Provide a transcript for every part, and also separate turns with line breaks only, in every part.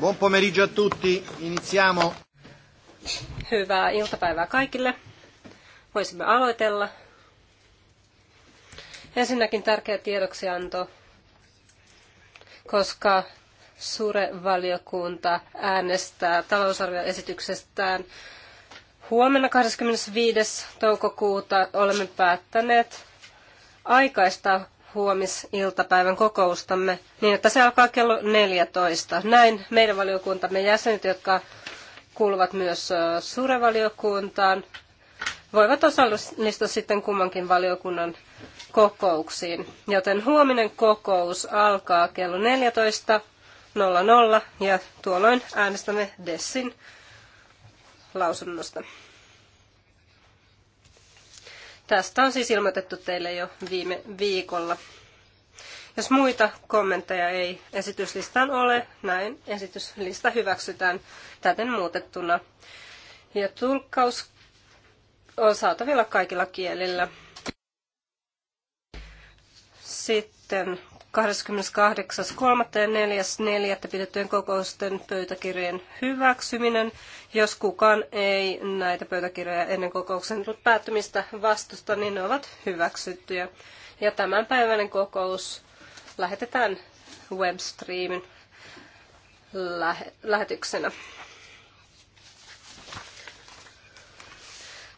Buon pomeriggio a tutti. Iniziamo.
Hyvää iltapäivää kaikille. Voisimme aloitella. Ensinnäkin tärkeä tiedoksianto, koska Sure-valiokunta äänestää talousarvioesityksestään huomenna 25. toukokuuta. Olemme päättäneet aikaistaa huomisiltapäivän kokoustamme niin, että se alkaa kello 14. Näin meidän valiokuntamme jäsenet, jotka kuuluvat myös suurevaliokuntaan, voivat osallistua sitten kummankin valiokunnan kokouksiin. Joten huominen kokous alkaa kello 14.00 ja tuolloin äänestämme Dessin lausunnosta. Tästä on siis ilmoitettu teille jo viime viikolla. Jos muita kommentteja ei esityslistaan ole, näin esityslista hyväksytään täten muutettuna. Ja tulkkaus on saatavilla kaikilla kielillä. Sitten 28.3. ja 4.4. pidettyjen kokousten pöytäkirjojen hyväksyminen, jos kukaan ei näitä pöytäkirjoja ennen kokouksen päättymistä vastusta, niin ne ovat hyväksyttyjä. Ja tämänpäiväinen kokous lähetetään webstreamin lähe- lähetyksenä.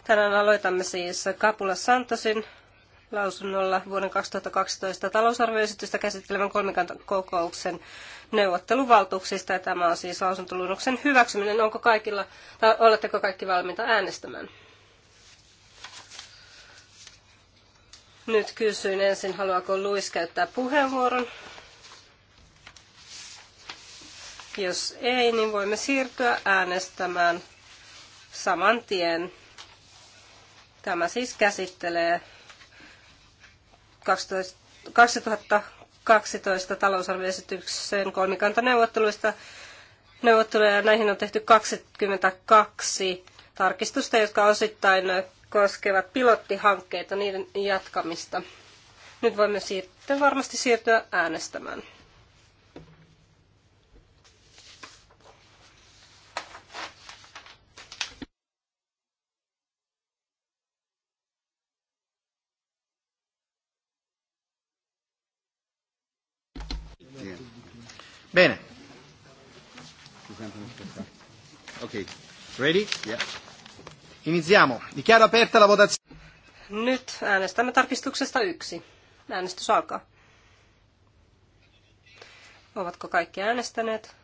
Tänään aloitamme siis Kapula Santosin lausunnolla vuoden 2012 talousarvioesitystä käsittelevän kolmikantakokouksen neuvotteluvaltuuksista. Ja tämä on siis lausuntoluonnoksen hyväksyminen. Onko kaikilla, tai oletteko kaikki valmiita äänestämään? Nyt kysyin ensin, haluaako Luis käyttää puheenvuoron. Jos ei, niin voimme siirtyä äänestämään saman tien. Tämä siis käsittelee 12, 2012 talousarvioesityksen kolmikantaneuvotteluista neuvotteluja. Näihin on tehty 22 tarkistusta, jotka osittain koskevat pilottihankkeita, niiden jatkamista. Nyt voimme sitten varmasti siirtyä äänestämään. Bene. Ok. Ready? Yeah.
Iniziamo. Dichiaro aperta la votazione.
Nyt äänestämme tarkistuksesta yksi. Äänestys alkaa. Ovatko kaikki äänestäneet?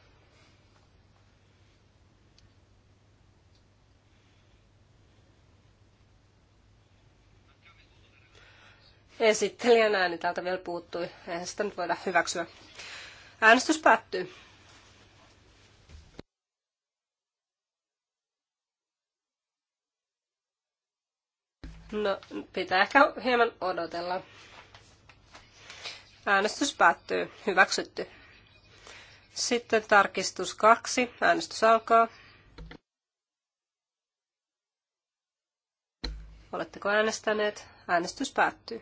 Esittelijän ääni täältä vielä puuttui. Eihän sitä nyt voida hyväksyä. Äänestys päättyy. No, pitää ehkä hieman odotella. Äänestys päättyy. Hyväksytty. Sitten tarkistus kaksi. Äänestys alkaa. Oletteko äänestäneet? Äänestys päättyy.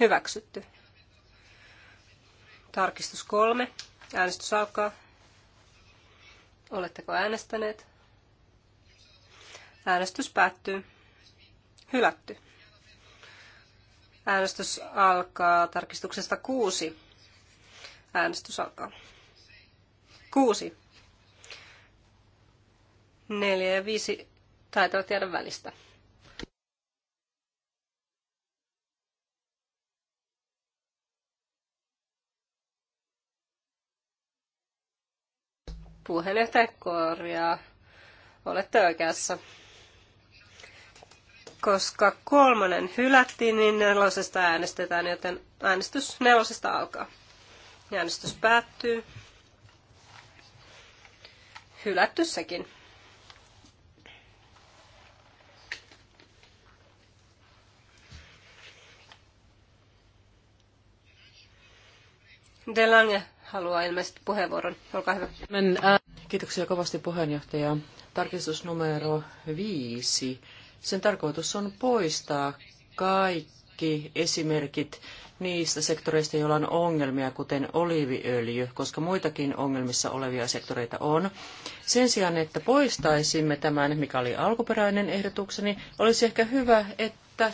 Hyväksytty. Tarkistus kolme. Äänestys alkaa. Oletteko äänestäneet? Äänestys päättyy. Hylätty. Äänestys alkaa tarkistuksesta kuusi. Äänestys alkaa. Kuusi. Neljä ja viisi taitavat jäädä välistä. Puheenjohtaja korjaa. Olette oikeassa. Koska kolmannen hylättiin, niin nelosesta äänestetään, joten äänestys nelosesta alkaa. Äänestys päättyy. Hylätty sekin. Delange haluaa ilmeisesti puheenvuoron. Olkaa hyvä.
Äh, Kiitoksia kovasti puheenjohtaja. Tarkistus numero viisi. Sen tarkoitus on poistaa kaikki esimerkit niistä sektoreista, joilla on ongelmia, kuten oliiviöljy, koska muitakin ongelmissa olevia sektoreita on. Sen sijaan, että poistaisimme tämän, mikä oli alkuperäinen ehdotukseni, olisi ehkä hyvä, että äh,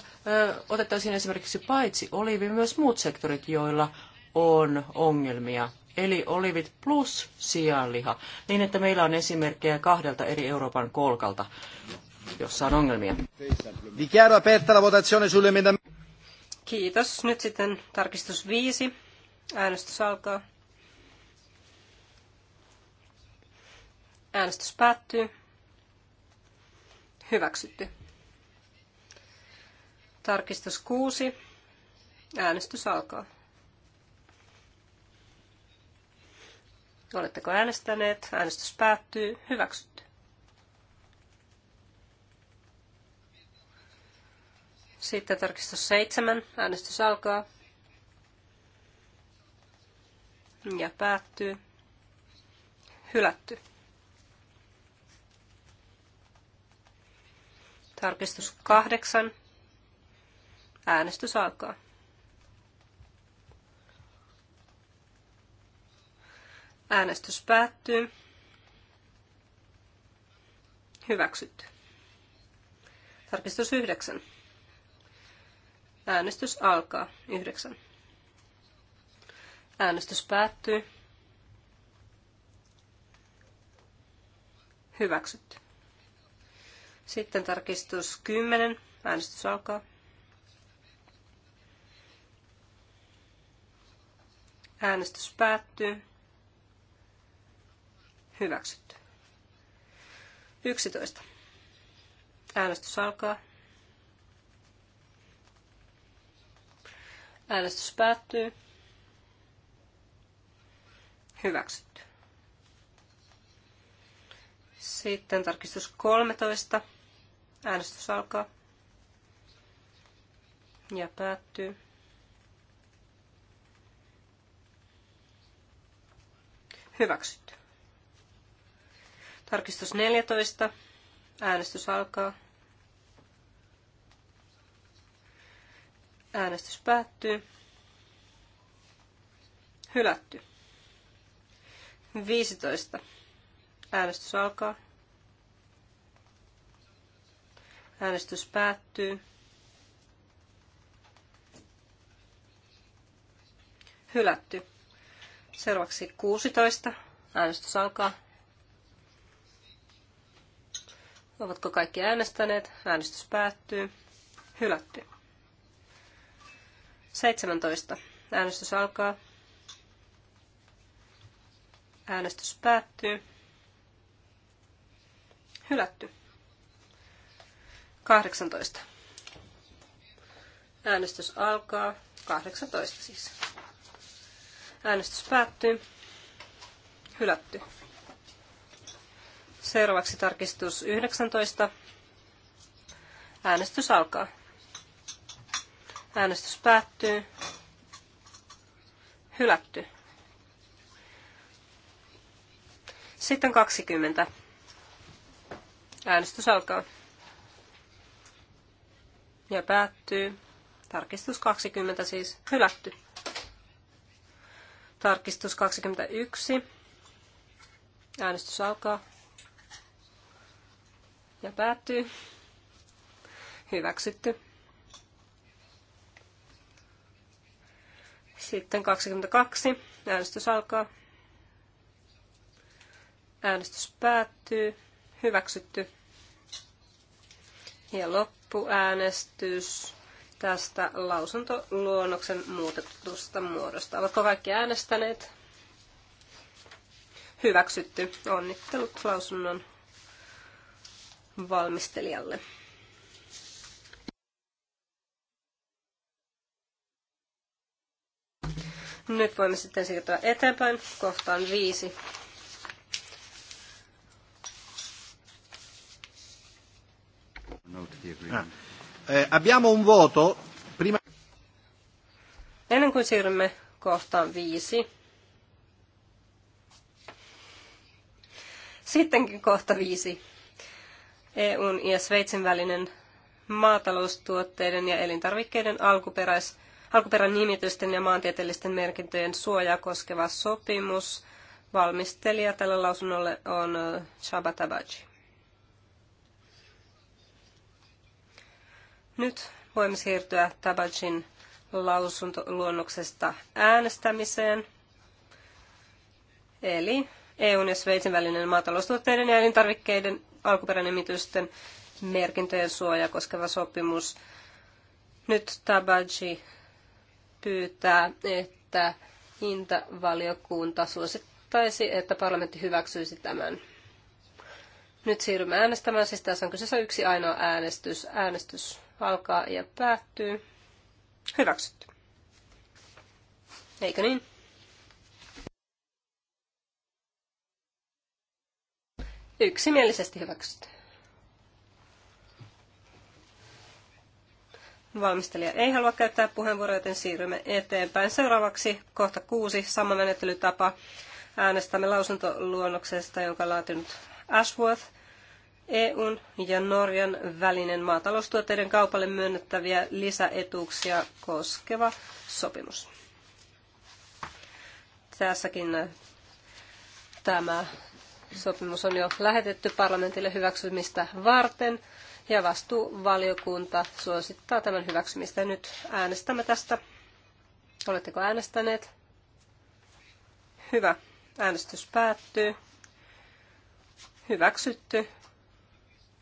otettaisiin esimerkiksi paitsi oliivi myös muut sektorit, joilla on ongelmia eli olivit plus sianliha, niin että meillä on esimerkkejä kahdelta eri Euroopan kolkalta, jossa on ongelmia. Dichiaro aperta la votazione
Kiitos. Nyt sitten tarkistus viisi. Äänestys alkaa. Äänestys päättyy. Hyväksytty. Tarkistus kuusi. Äänestys alkaa. Oletteko äänestäneet? Äänestys päättyy. Hyväksytty. Sitten tarkistus seitsemän. Äänestys alkaa. Ja päättyy. Hylätty. Tarkistus kahdeksan. Äänestys alkaa. Äänestys päättyy. Hyväksytty. Tarkistus 9. Äänestys alkaa. 9. Äänestys päättyy. Hyväksytty. Sitten tarkistus 10. Äänestys alkaa. Äänestys päättyy. Hyväksytty. 11. Äänestys alkaa. Äänestys päättyy. Hyväksytty. Sitten tarkistus 13. Äänestys alkaa. Ja päättyy. Hyväksytty. Tarkistus 14. Äänestys alkaa. Äänestys päättyy. Hylätty. 15. Äänestys alkaa. Äänestys päättyy. Hylätty. Seuraavaksi 16. Äänestys alkaa. Ovatko kaikki äänestäneet? Äänestys päättyy. Hylätty. 17. Äänestys alkaa. Äänestys päättyy. Hylätty. 18. Äänestys alkaa. 18 siis. Äänestys päättyy. Hylätty. Seuraavaksi tarkistus 19. Äänestys alkaa. Äänestys päättyy. Hylätty. Sitten 20. Äänestys alkaa. Ja päättyy. Tarkistus 20 siis hylätty. Tarkistus 21. Äänestys alkaa ja päättyy. Hyväksytty. Sitten 22. Äänestys alkaa. Äänestys päättyy. Hyväksytty. Ja loppuäänestys tästä lausuntoluonnoksen muutetusta muodosta. Ovatko kaikki äänestäneet? Hyväksytty. Onnittelut lausunnon valmistelijalle. Nyt voimme sitten siirtyä eteenpäin kohtaan viisi.
Eh, abbiamo un voto prima...
Ennen kuin siirrymme kohtaan viisi. Sittenkin kohta viisi. EUn ja Sveitsin välinen maataloustuotteiden ja elintarvikkeiden alkuperäis, alkuperän nimitysten ja maantieteellisten merkintöjen suojaa koskeva sopimus. Valmistelija tälle lausunnolle on Shaba Tabaji. Nyt voimme siirtyä Tabajin lausuntoluonnoksesta äänestämiseen. Eli EUn ja Sveitsin välinen maataloustuotteiden ja elintarvikkeiden alkuperänimitysten merkintöjen suoja koskeva sopimus. Nyt Tabaji pyytää, että hintavaliokunta suosittaisi, että parlamentti hyväksyisi tämän. Nyt siirrymme äänestämään, siis tässä on kyseessä yksi ainoa äänestys. Äänestys alkaa ja päättyy. Hyväksytty. Eikö niin? Yksimielisesti hyväksytty. Valmistelija ei halua käyttää puheenvuoroa, joten siirrymme eteenpäin. Seuraavaksi kohta kuusi, sama menettelytapa. Äänestämme lausuntoluonnoksesta, jonka on laatinut Ashworth. EUn ja Norjan välinen maataloustuotteiden kaupalle myönnettäviä lisäetuuksia koskeva sopimus. Tässäkin tämä Sopimus on jo lähetetty parlamentille hyväksymistä varten ja vastuuvaliokunta suosittaa tämän hyväksymistä. Nyt äänestämme tästä. Oletteko äänestäneet? Hyvä. Äänestys päättyy. Hyväksytty.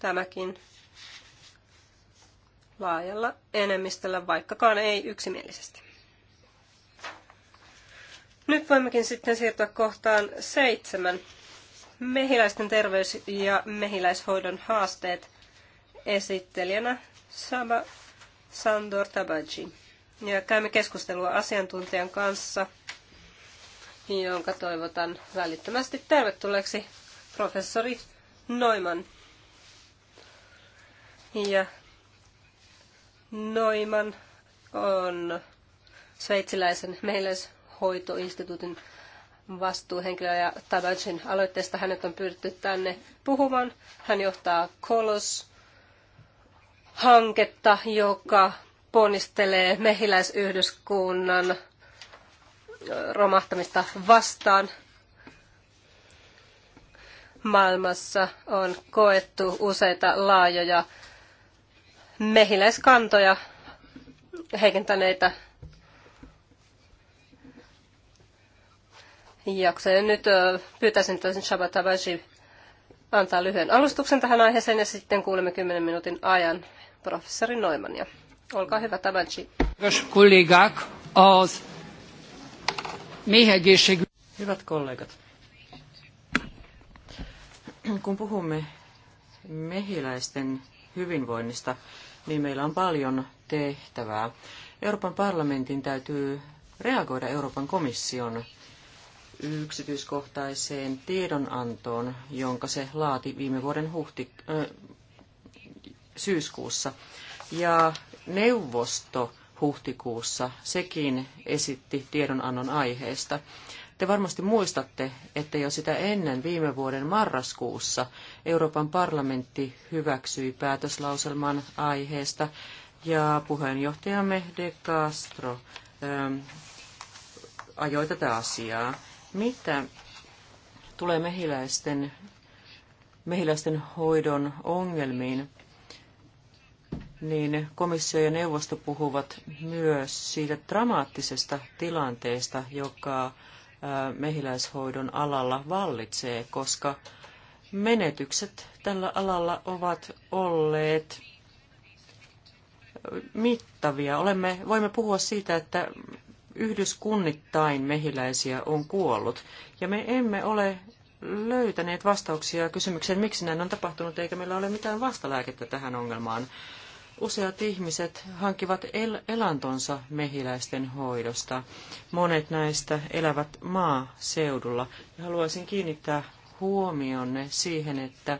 Tämäkin laajalla enemmistöllä, vaikkakaan ei yksimielisesti. Nyt voimmekin sitten siirtyä kohtaan seitsemän, mehiläisten terveys ja mehiläishoidon haasteet esittelijänä Saba Sandor Tabaji. Ja käymme keskustelua asiantuntijan kanssa, jonka toivotan välittömästi tervetulleeksi professori Noiman. Ja Noiman on sveitsiläisen mehiläishoitoinstituutin vastuuhenkilö ja Tabajin aloitteesta hänet on pyydetty tänne puhumaan. Hän johtaa Kolos hanketta, joka ponnistelee mehiläisyhdyskunnan romahtamista vastaan. Maailmassa on koettu useita laajoja mehiläiskantoja heikentäneitä Ja Nyt pyytäisin toisin Shabatabaji antaa lyhyen alustuksen tähän aiheeseen ja sitten kuulemme 10 minuutin ajan professori Noimania. Olkaa hyvä, Tabaji. Hyvät kollegat,
kun puhumme mehiläisten hyvinvoinnista, niin meillä on paljon tehtävää. Euroopan parlamentin täytyy reagoida Euroopan komission yksityiskohtaiseen tiedonantoon, jonka se laati viime vuoden huhti, äh, syyskuussa. Ja neuvosto huhtikuussa sekin esitti tiedonannon aiheesta. Te varmasti muistatte, että jo sitä ennen viime vuoden marraskuussa Euroopan parlamentti hyväksyi päätöslauselman aiheesta ja puheenjohtajamme De Castro ähm, ajoi tätä asiaa. Mitä tulee mehiläisten, mehiläisten hoidon ongelmiin, niin komissio ja neuvosto puhuvat myös siitä dramaattisesta tilanteesta, joka mehiläishoidon alalla vallitsee, koska menetykset tällä alalla ovat olleet mittavia. Olemme, voimme puhua siitä, että yhdyskunnittain mehiläisiä on kuollut. Ja me emme ole löytäneet vastauksia kysymykseen, miksi näin on tapahtunut, eikä meillä ole mitään vastalääkettä tähän ongelmaan. Useat ihmiset hankivat el- elantonsa mehiläisten hoidosta. Monet näistä elävät maaseudulla. Ja haluaisin kiinnittää huomionne siihen, että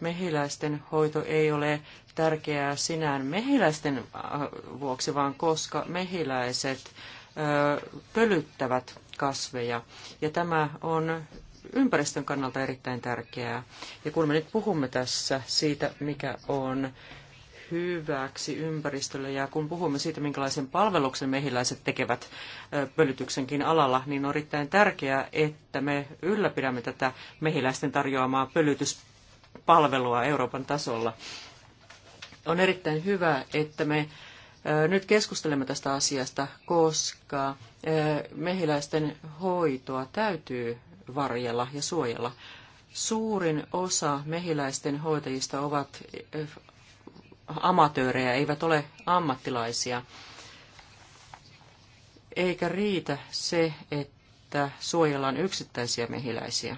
mehiläisten hoito ei ole tärkeää sinään mehiläisten äh, vuoksi, vaan koska mehiläiset pölyttävät kasveja. Ja tämä on ympäristön kannalta erittäin tärkeää. Ja kun me nyt puhumme tässä siitä, mikä on hyväksi ympäristölle ja kun puhumme siitä, minkälaisen palveluksen mehiläiset tekevät pölytyksenkin alalla, niin on erittäin tärkeää, että me ylläpidämme tätä mehiläisten tarjoamaa pölytyspalvelua Euroopan tasolla. On erittäin hyvä, että me nyt keskustelemme tästä asiasta, koska mehiläisten hoitoa täytyy varjella ja suojella. Suurin osa mehiläisten hoitajista ovat amatöörejä, eivät ole ammattilaisia. Eikä riitä se, että suojellaan yksittäisiä mehiläisiä,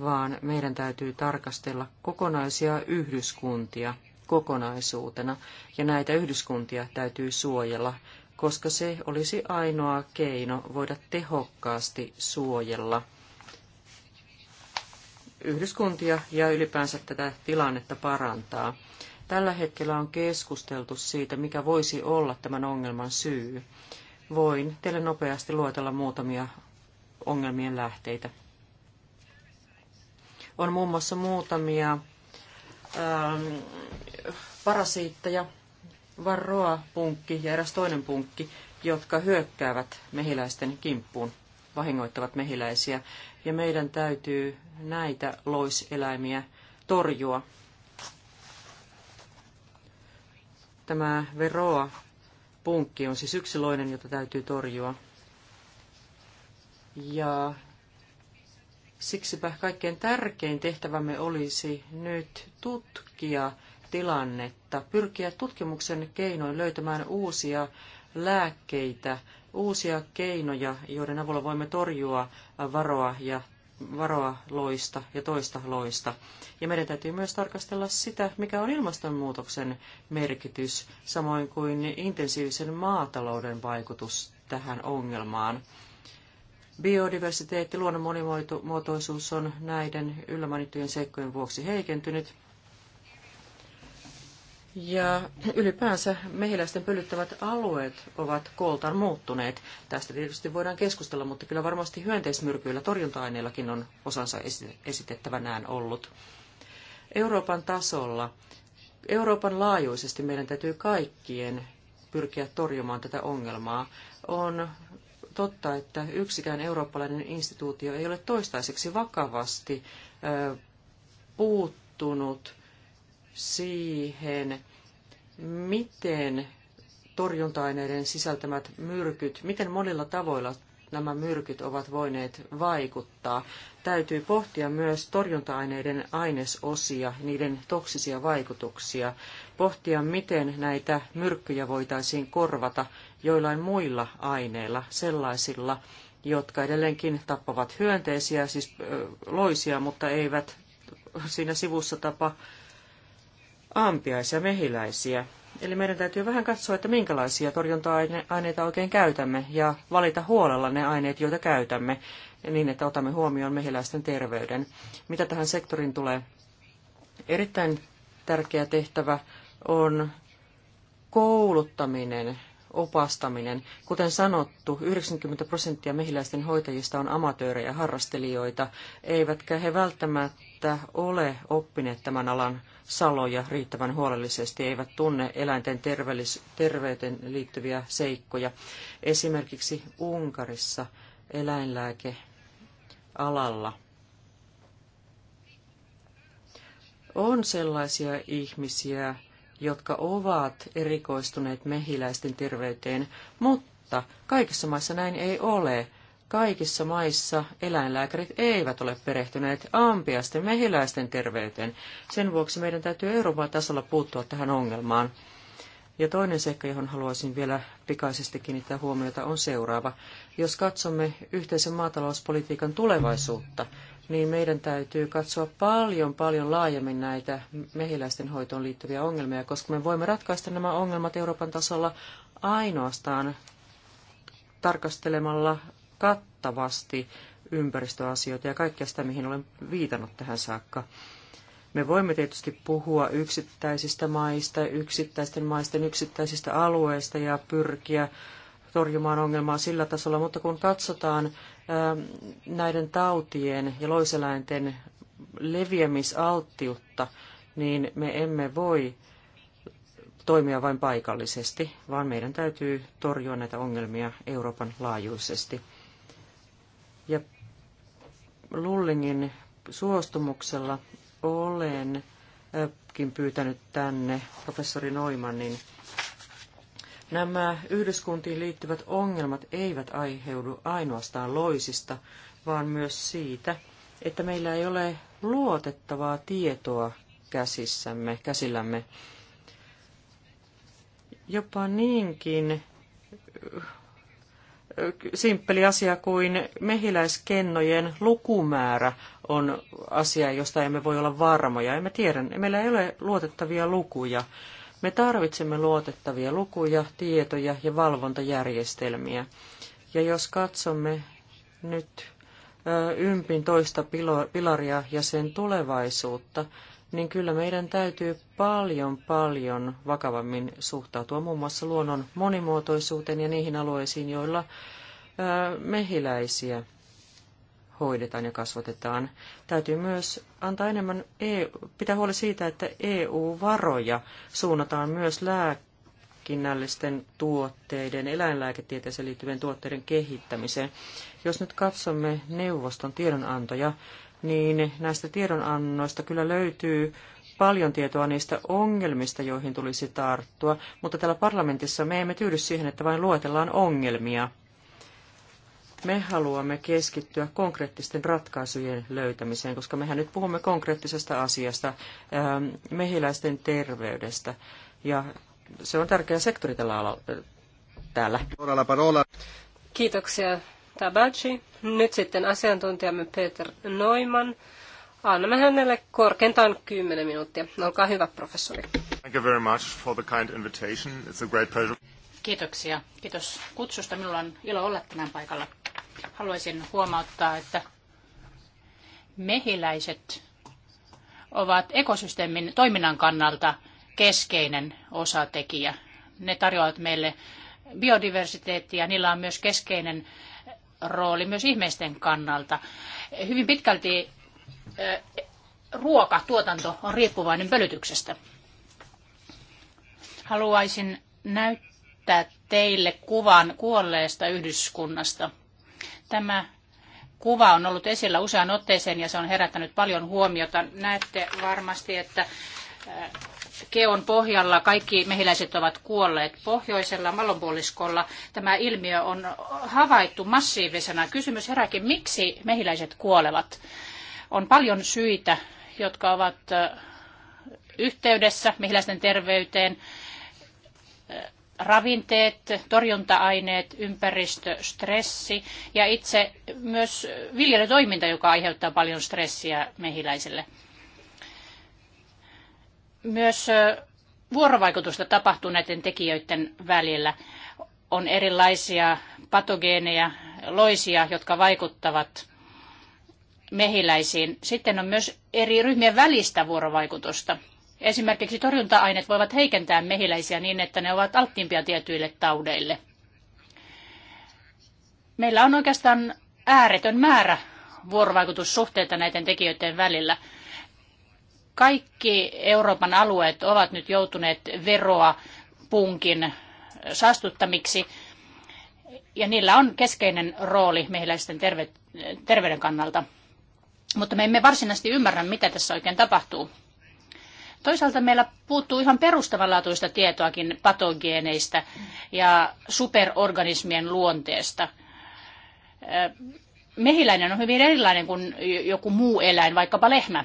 vaan meidän täytyy tarkastella kokonaisia yhdyskuntia – kokonaisuutena, ja näitä yhdyskuntia täytyy suojella, koska se olisi ainoa keino voida tehokkaasti suojella yhdyskuntia ja ylipäänsä tätä tilannetta parantaa. Tällä hetkellä on keskusteltu siitä, mikä voisi olla tämän ongelman syy. Voin teille nopeasti luetella muutamia ongelmien lähteitä. On muun muassa muutamia ähm, parasiitteja, varroa-punkki ja eräs toinen punkki, jotka hyökkäävät mehiläisten kimppuun, vahingoittavat mehiläisiä. Ja meidän täytyy näitä loiseläimiä torjua. Tämä veroa punkki on siis yksiloinen, jota täytyy torjua. Ja siksipä kaikkein tärkein tehtävämme olisi nyt tutkia tilannetta, pyrkiä tutkimuksen keinoin löytämään uusia lääkkeitä, uusia keinoja, joiden avulla voimme torjua varoa ja varoa loista ja toista loista. Ja meidän täytyy myös tarkastella sitä, mikä on ilmastonmuutoksen merkitys, samoin kuin intensiivisen maatalouden vaikutus tähän ongelmaan. Biodiversiteetti, luonnon monimuotoisuus on näiden mainittujen seikkojen vuoksi heikentynyt, ja ylipäänsä mehiläisten pölyttävät alueet ovat kooltaan muuttuneet. Tästä tietysti voidaan keskustella, mutta kyllä varmasti hyönteismyrkyillä torjunta-aineillakin on osansa esitettävänään ollut. Euroopan tasolla, Euroopan laajuisesti meidän täytyy kaikkien pyrkiä torjumaan tätä ongelmaa. On totta, että yksikään eurooppalainen instituutio ei ole toistaiseksi vakavasti puuttunut siihen, miten torjunta-aineiden sisältämät myrkyt, miten monilla tavoilla nämä myrkyt ovat voineet vaikuttaa. Täytyy pohtia myös torjunta-aineiden ainesosia, niiden toksisia vaikutuksia, pohtia miten näitä myrkkyjä voitaisiin korvata joillain muilla aineilla, sellaisilla, jotka edelleenkin tappavat hyönteisiä, siis loisia, mutta eivät siinä sivussa tapa ampiaisia mehiläisiä. Eli meidän täytyy vähän katsoa, että minkälaisia torjunta-aineita oikein käytämme ja valita huolella ne aineet, joita käytämme, niin että otamme huomioon mehiläisten terveyden. Mitä tähän sektorin tulee? Erittäin tärkeä tehtävä on kouluttaminen, opastaminen. Kuten sanottu, 90 prosenttia mehiläisten hoitajista on amatöörejä, harrastelijoita, eivätkä he välttämättä välttämättä ole oppineet tämän alan saloja riittävän huolellisesti, eivät tunne eläinten terveyteen liittyviä seikkoja. Esimerkiksi Unkarissa eläinlääkealalla on sellaisia ihmisiä, jotka ovat erikoistuneet mehiläisten terveyteen, mutta kaikissa maissa näin ei ole kaikissa maissa eläinlääkärit eivät ole perehtyneet ampiasten mehiläisten terveyteen. Sen vuoksi meidän täytyy Euroopan tasolla puuttua tähän ongelmaan. Ja toinen seikka, johon haluaisin vielä pikaisesti kiinnittää huomiota, on seuraava. Jos katsomme yhteisen maatalouspolitiikan tulevaisuutta, niin meidän täytyy katsoa paljon, paljon laajemmin näitä mehiläisten hoitoon liittyviä ongelmia, koska me voimme ratkaista nämä ongelmat Euroopan tasolla ainoastaan tarkastelemalla kattavasti ympäristöasioita ja kaikkea sitä, mihin olen viitannut tähän saakka. Me voimme tietysti puhua yksittäisistä maista, yksittäisten maisten yksittäisistä alueista ja pyrkiä torjumaan ongelmaa sillä tasolla, mutta kun katsotaan ähm, näiden tautien ja loiseläinten leviämisalttiutta, niin me emme voi toimia vain paikallisesti, vaan meidän täytyy torjua näitä ongelmia Euroopan laajuisesti ja Lullingin suostumuksella olenkin äh, pyytänyt tänne professori Noimannin. Nämä Yhdyskuntiin liittyvät ongelmat eivät aiheudu ainoastaan loisista, vaan myös siitä, että meillä ei ole luotettavaa tietoa käsissämme, käsillämme. Jopa niinkin simppeli asia kuin mehiläiskennojen lukumäärä on asia, josta emme voi olla varmoja. Emme tiedä, meillä ei ole luotettavia lukuja. Me tarvitsemme luotettavia lukuja, tietoja ja valvontajärjestelmiä. Ja jos katsomme nyt ympin toista pilaria ja sen tulevaisuutta, niin kyllä meidän täytyy paljon paljon vakavammin suhtautua muun muassa luonnon monimuotoisuuteen ja niihin alueisiin, joilla mehiläisiä hoidetaan ja kasvatetaan. Täytyy myös antaa enemmän, EU, pitää huoli siitä, että EU-varoja suunnataan myös lääkinnällisten tuotteiden, eläinlääketieteeseen liittyvien tuotteiden kehittämiseen. Jos nyt katsomme neuvoston tiedonantoja, niin näistä tiedonannoista kyllä löytyy paljon tietoa niistä ongelmista, joihin tulisi tarttua, mutta täällä parlamentissa me emme tyydy siihen, että vain luetellaan ongelmia. Me haluamme keskittyä konkreettisten ratkaisujen löytämiseen, koska mehän nyt puhumme konkreettisesta asiasta, ähm, mehiläisten
terveydestä. Ja se on tärkeä sektori tällä alalla. Äh, täällä. Kiitoksia. Tabaci. Nyt sitten asiantuntijamme Peter Neumann. Annamme hänelle korkeintaan 10 minuuttia. Olkaa hyvä, professori. Thank you very much for the kind invitation. It's a great pleasure. Kiitoksia. Kiitos
kutsusta. Minulla on ilo olla tänään paikalla. Haluaisin huomauttaa, että mehiläiset ovat ekosysteemin toiminnan kannalta keskeinen osatekijä. Ne tarjoavat meille biodiversiteettiä, niillä on myös keskeinen rooli myös ihmisten kannalta. Hyvin pitkälti ruokatuotanto on riippuvainen pölytyksestä. Haluaisin näyttää teille kuvan kuolleesta Yhdyskunnasta. Tämä kuva on ollut esillä usean otteeseen ja se on herättänyt paljon huomiota. Näette varmasti, että keon pohjalla kaikki mehiläiset ovat kuolleet. Pohjoisella mallonpuoliskolla tämä ilmiö on havaittu massiivisena. Kysymys herääkin, miksi mehiläiset kuolevat? On paljon syitä, jotka ovat yhteydessä mehiläisten terveyteen. Ravinteet, torjunta-aineet, ympäristö, stressi ja itse myös viljelytoiminta, joka aiheuttaa paljon stressiä mehiläisille. Myös vuorovaikutusta tapahtuu näiden tekijöiden välillä. On erilaisia patogeeneja, loisia, jotka vaikuttavat mehiläisiin. Sitten on myös eri ryhmien välistä vuorovaikutusta. Esimerkiksi torjunta-aineet voivat heikentää mehiläisiä niin, että ne ovat alttiimpia tietyille taudeille. Meillä on oikeastaan ääretön määrä vuorovaikutussuhteita näiden tekijöiden välillä. Kaikki Euroopan alueet ovat nyt joutuneet veroa punkin saastuttamiksi ja niillä on keskeinen rooli mehiläisten terve, terveyden kannalta. Mutta me emme varsinaisesti ymmärrä, mitä tässä oikein tapahtuu. Toisaalta meillä puuttuu ihan perustavanlaatuista tietoakin patogeeneistä ja superorganismien luonteesta. Mehiläinen on hyvin erilainen kuin joku muu eläin, vaikkapa lehmä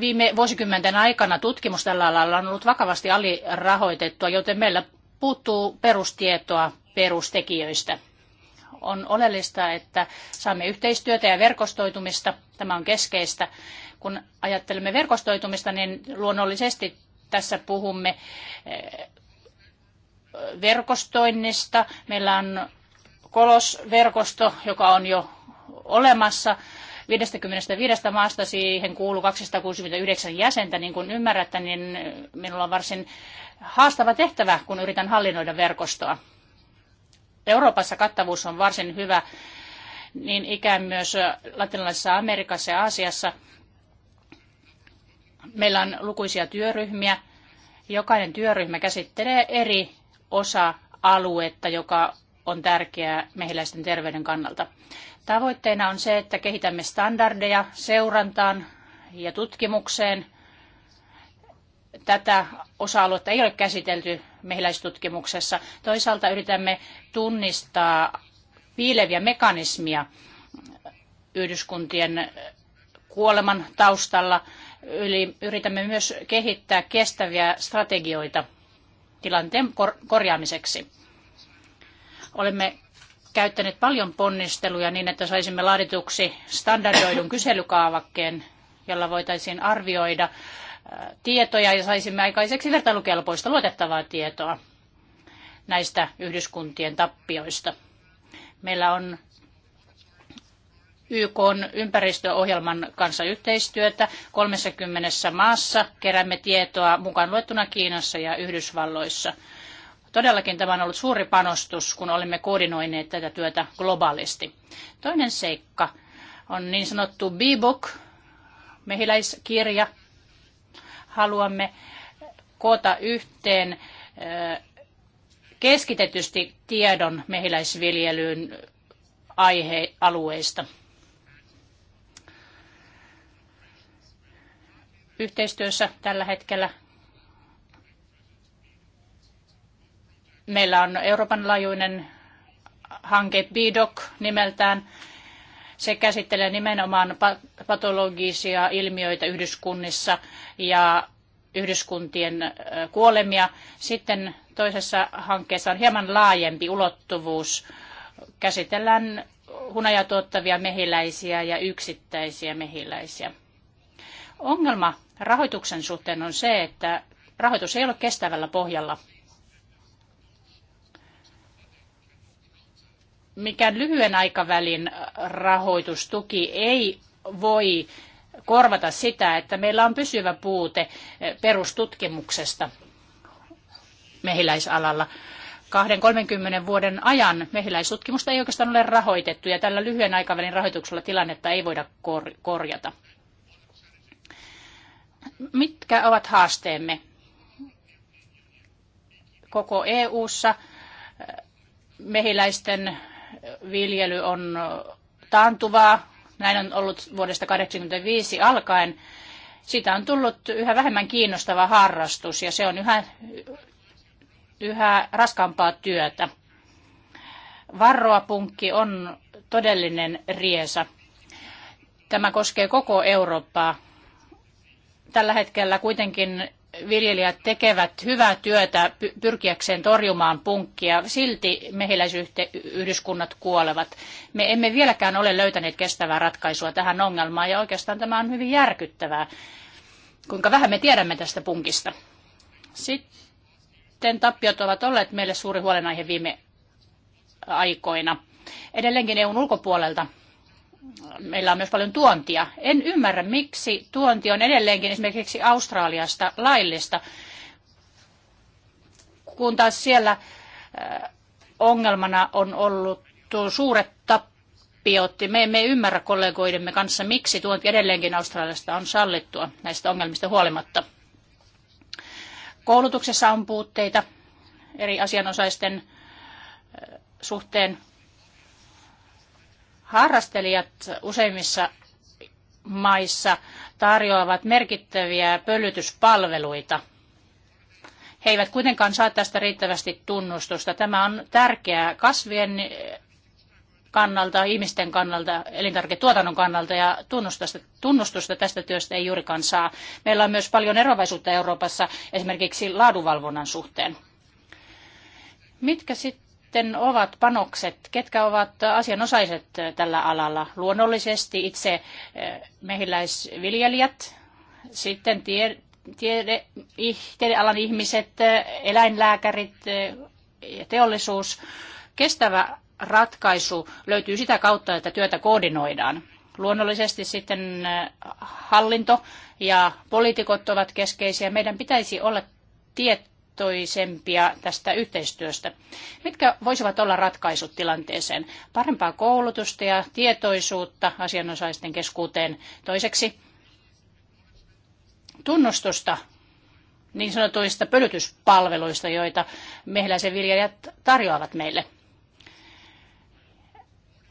viime vuosikymmenten aikana tutkimus tällä alalla on ollut vakavasti alirahoitettua, joten meillä puuttuu perustietoa perustekijöistä. On oleellista, että saamme yhteistyötä ja verkostoitumista. Tämä on keskeistä. Kun ajattelemme verkostoitumista, niin luonnollisesti tässä puhumme eh, verkostoinnista. Meillä on kolosverkosto, joka on jo olemassa – 55 maasta siihen kuuluu 269 jäsentä. Niin kuin ymmärrätte, niin minulla on varsin haastava tehtävä, kun yritän hallinnoida verkostoa. Euroopassa kattavuus on varsin hyvä, niin ikään myös latinalaisessa Amerikassa ja Aasiassa. Meillä on lukuisia työryhmiä. Jokainen työryhmä käsittelee eri osa-aluetta, joka on tärkeää mehiläisten terveyden kannalta. Tavoitteena on se, että kehitämme standardeja seurantaan ja tutkimukseen. Tätä osa-aluetta ei ole käsitelty mehiläistutkimuksessa. Toisaalta yritämme tunnistaa piileviä mekanismia yhdyskuntien kuoleman taustalla. Yritämme myös kehittää kestäviä strategioita tilanteen korjaamiseksi. Olemme käyttäneet paljon ponnisteluja niin, että saisimme laadituksi standardoidun kyselykaavakkeen, jolla voitaisiin arvioida äh, tietoja ja saisimme aikaiseksi vertailukelpoista luotettavaa tietoa näistä yhdyskuntien tappioista. Meillä on YK ympäristöohjelman kanssa yhteistyötä. 30 maassa keräämme tietoa mukaan luettuna Kiinassa ja Yhdysvalloissa. Todellakin tämä on ollut suuri panostus, kun olemme koordinoineet tätä työtä globaalisti. Toinen seikka on niin sanottu B-book, mehiläiskirja. Haluamme koota yhteen eh, keskitetysti tiedon mehiläisviljelyyn aihealueista. Yhteistyössä tällä hetkellä Meillä on Euroopan laajuinen hanke BIDOC nimeltään. Se käsittelee nimenomaan patologisia ilmiöitä yhdyskunnissa ja yhdyskuntien kuolemia. Sitten toisessa hankkeessa on hieman laajempi ulottuvuus. Käsitellään tuottavia mehiläisiä ja yksittäisiä mehiläisiä. Ongelma rahoituksen suhteen on se, että rahoitus ei ole kestävällä pohjalla. mikään lyhyen aikavälin äh, rahoitustuki ei voi korvata sitä, että meillä on pysyvä puute äh, perustutkimuksesta mehiläisalalla. 20-30 vuoden ajan mehiläistutkimusta ei oikeastaan ole rahoitettu ja tällä lyhyen aikavälin rahoituksella tilannetta ei voida korjata. Mitkä ovat haasteemme? Koko EU:ssa äh, mehiläisten viljely on taantuvaa. Näin on ollut vuodesta 1985 alkaen. Sitä on tullut yhä vähemmän kiinnostava harrastus ja se on yhä, yhä raskaampaa työtä. Varroapunkki on todellinen riesa. Tämä koskee koko Eurooppaa. Tällä hetkellä kuitenkin viljelijät tekevät hyvää työtä pyrkiäkseen torjumaan punkkia, silti mehiläisyhdyskunnat kuolevat. Me emme vieläkään ole löytäneet kestävää ratkaisua tähän ongelmaan ja oikeastaan tämä on hyvin järkyttävää, kuinka vähän me tiedämme tästä punkista. Sitten tappiot ovat olleet meille suuri huolenaihe viime aikoina. Edelleenkin EUn ulkopuolelta meillä on myös paljon tuontia. En ymmärrä, miksi tuonti on edelleenkin esimerkiksi Australiasta laillista, kun taas siellä äh, ongelmana on ollut suuret tappiot. Me emme ymmärrä kollegoidemme kanssa, miksi tuonti edelleenkin Australiasta on sallittua näistä ongelmista huolimatta. Koulutuksessa on puutteita eri asianosaisten äh, suhteen Harrastelijat useimmissa maissa tarjoavat merkittäviä pölytyspalveluita. He eivät kuitenkaan saa tästä riittävästi tunnustusta. Tämä on tärkeää kasvien kannalta, ihmisten kannalta, elintarviketuotannon kannalta ja tunnustusta, tunnustusta tästä työstä ei juurikaan saa. Meillä on myös paljon eroavaisuutta Euroopassa esimerkiksi laadunvalvonnan suhteen. Mitkä sitten sitten ovat panokset, ketkä ovat asianosaiset tällä alalla? Luonnollisesti itse eh, mehiläisviljelijät, sitten tie, tiede, tiedealan ihmiset, eh, eläinlääkärit eh, ja teollisuus. Kestävä ratkaisu löytyy sitä kautta, että työtä koordinoidaan. Luonnollisesti sitten hallinto ja poliitikot ovat keskeisiä. Meidän pitäisi olla tietty tietoisempia tästä yhteistyöstä. Mitkä voisivat olla ratkaisut tilanteeseen? Parempaa koulutusta ja tietoisuutta asianosaisten keskuuteen. Toiseksi tunnustusta niin sanotuista pölytyspalveluista, joita mehiläisen viljelijät tarjoavat meille.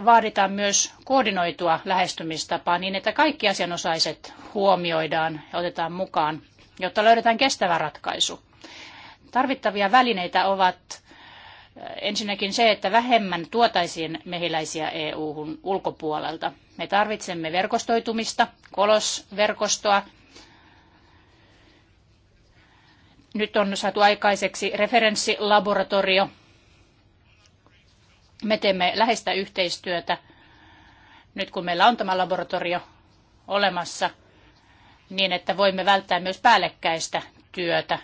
Vaaditaan myös koordinoitua lähestymistapaa niin, että kaikki asianosaiset huomioidaan ja otetaan mukaan, jotta löydetään kestävä ratkaisu. Tarvittavia välineitä ovat eh, ensinnäkin se, että vähemmän tuotaisiin mehiläisiä EU-hun ulkopuolelta. Me tarvitsemme verkostoitumista, kolosverkostoa. Nyt on saatu aikaiseksi referenssilaboratorio. Me teemme läheistä yhteistyötä. Nyt kun meillä on tämä laboratorio olemassa, niin että voimme välttää myös päällekkäistä työtä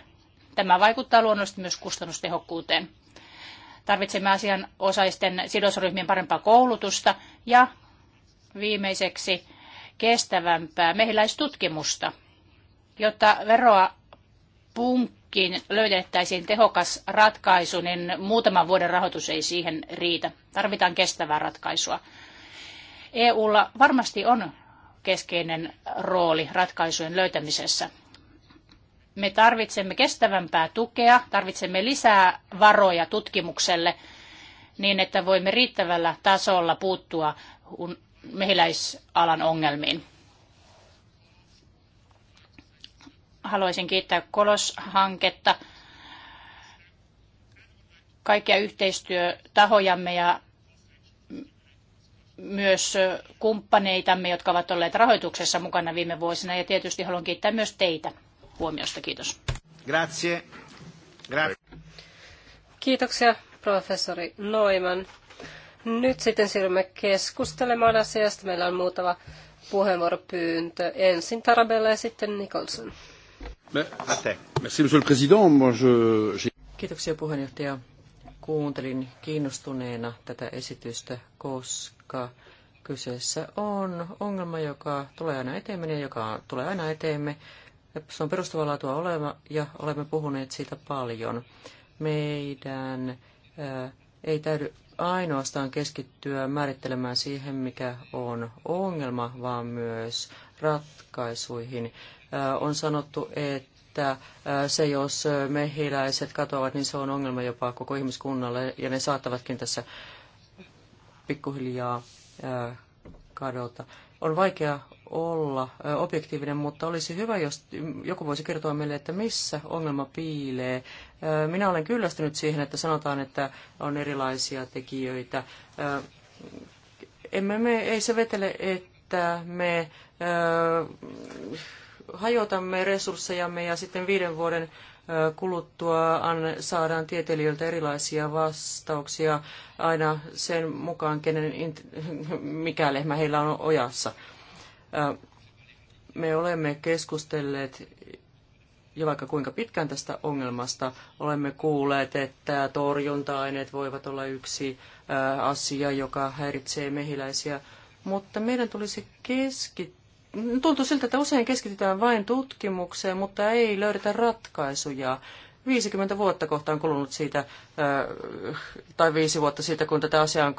Tämä vaikuttaa luonnollisesti myös kustannustehokkuuteen. Tarvitsemme asian osaisten sidosryhmien parempaa koulutusta ja viimeiseksi kestävämpää mehiläistutkimusta, jotta veroa punkkiin löydettäisiin tehokas ratkaisu, niin muutaman vuoden rahoitus ei siihen riitä. Tarvitaan kestävää ratkaisua. EUlla varmasti on keskeinen rooli ratkaisujen löytämisessä me tarvitsemme kestävämpää tukea, tarvitsemme lisää varoja tutkimukselle niin, että voimme riittävällä tasolla puuttua mehiläisalan ongelmiin. Haluaisin kiittää Kolos-hanketta, kaikkia yhteistyötahojamme ja myös kumppaneitamme, jotka ovat olleet rahoituksessa mukana viime vuosina. Ja tietysti haluan kiittää myös teitä
huomiosta. Kiitos.
Grazie. Gra-
Kiitoksia professori Noiman. Nyt sitten siirrymme keskustelemaan asiasta. Meillä on muutama puheenvuoropyyntö. Ensin Tarabella ja sitten Nicholson. Merci, monsieur le président. Moi, je...
Kiitoksia puheenjohtaja. Kuuntelin kiinnostuneena tätä esitystä, koska kyseessä on ongelma, joka tulee aina eteemme ja joka tulee aina eteemme se on perustavaa laatua oleva ja olemme puhuneet siitä paljon. Meidän ei täydy ainoastaan keskittyä määrittelemään siihen, mikä on ongelma, vaan myös ratkaisuihin. On sanottu, että se, jos mehiläiset katoavat, niin se on ongelma jopa koko ihmiskunnalle, ja ne saattavatkin tässä pikkuhiljaa kadota. On vaikea olla objektiivinen, mutta olisi hyvä, jos joku voisi kertoa meille, että missä ongelma piilee. Minä olen kyllästynyt siihen, että sanotaan, että on erilaisia tekijöitä. Emme me, ei se vetele, että me hajotamme resurssejamme ja sitten viiden vuoden kuluttua saadaan tieteilijöiltä erilaisia vastauksia aina sen mukaan, kenen, mikä lehmä heillä on ojassa. Me olemme keskustelleet jo vaikka kuinka pitkään tästä ongelmasta olemme kuulleet, että torjunta-aineet voivat olla yksi asia, joka häiritsee mehiläisiä, mutta meidän tulisi keskittyä Tuntuu siltä, että usein keskitytään vain tutkimukseen, mutta ei löydetä ratkaisuja. 50 vuotta kohta on kulunut siitä, tai viisi vuotta siitä, kun tätä asiaa on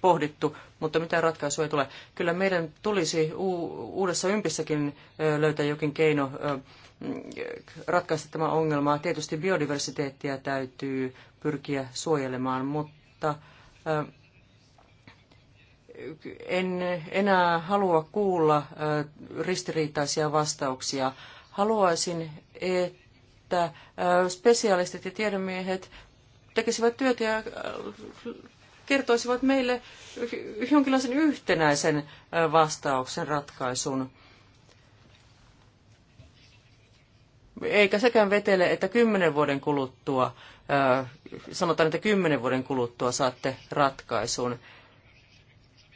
pohdittu, mutta mitään ratkaisua ei tule. Kyllä meidän tulisi uudessa ympissäkin löytää jokin keino ratkaista tämä ongelma. Tietysti biodiversiteettiä täytyy pyrkiä suojelemaan, mutta en enää halua kuulla ristiriitaisia vastauksia. Haluaisin, että spesialistit ja tiedemiehet tekisivät työtä ja kertoisivat meille jonkinlaisen yhtenäisen vastauksen ratkaisun. Eikä sekään vetele, että kymmenen vuoden kuluttua, sanotaan, että kymmenen vuoden kuluttua saatte ratkaisun.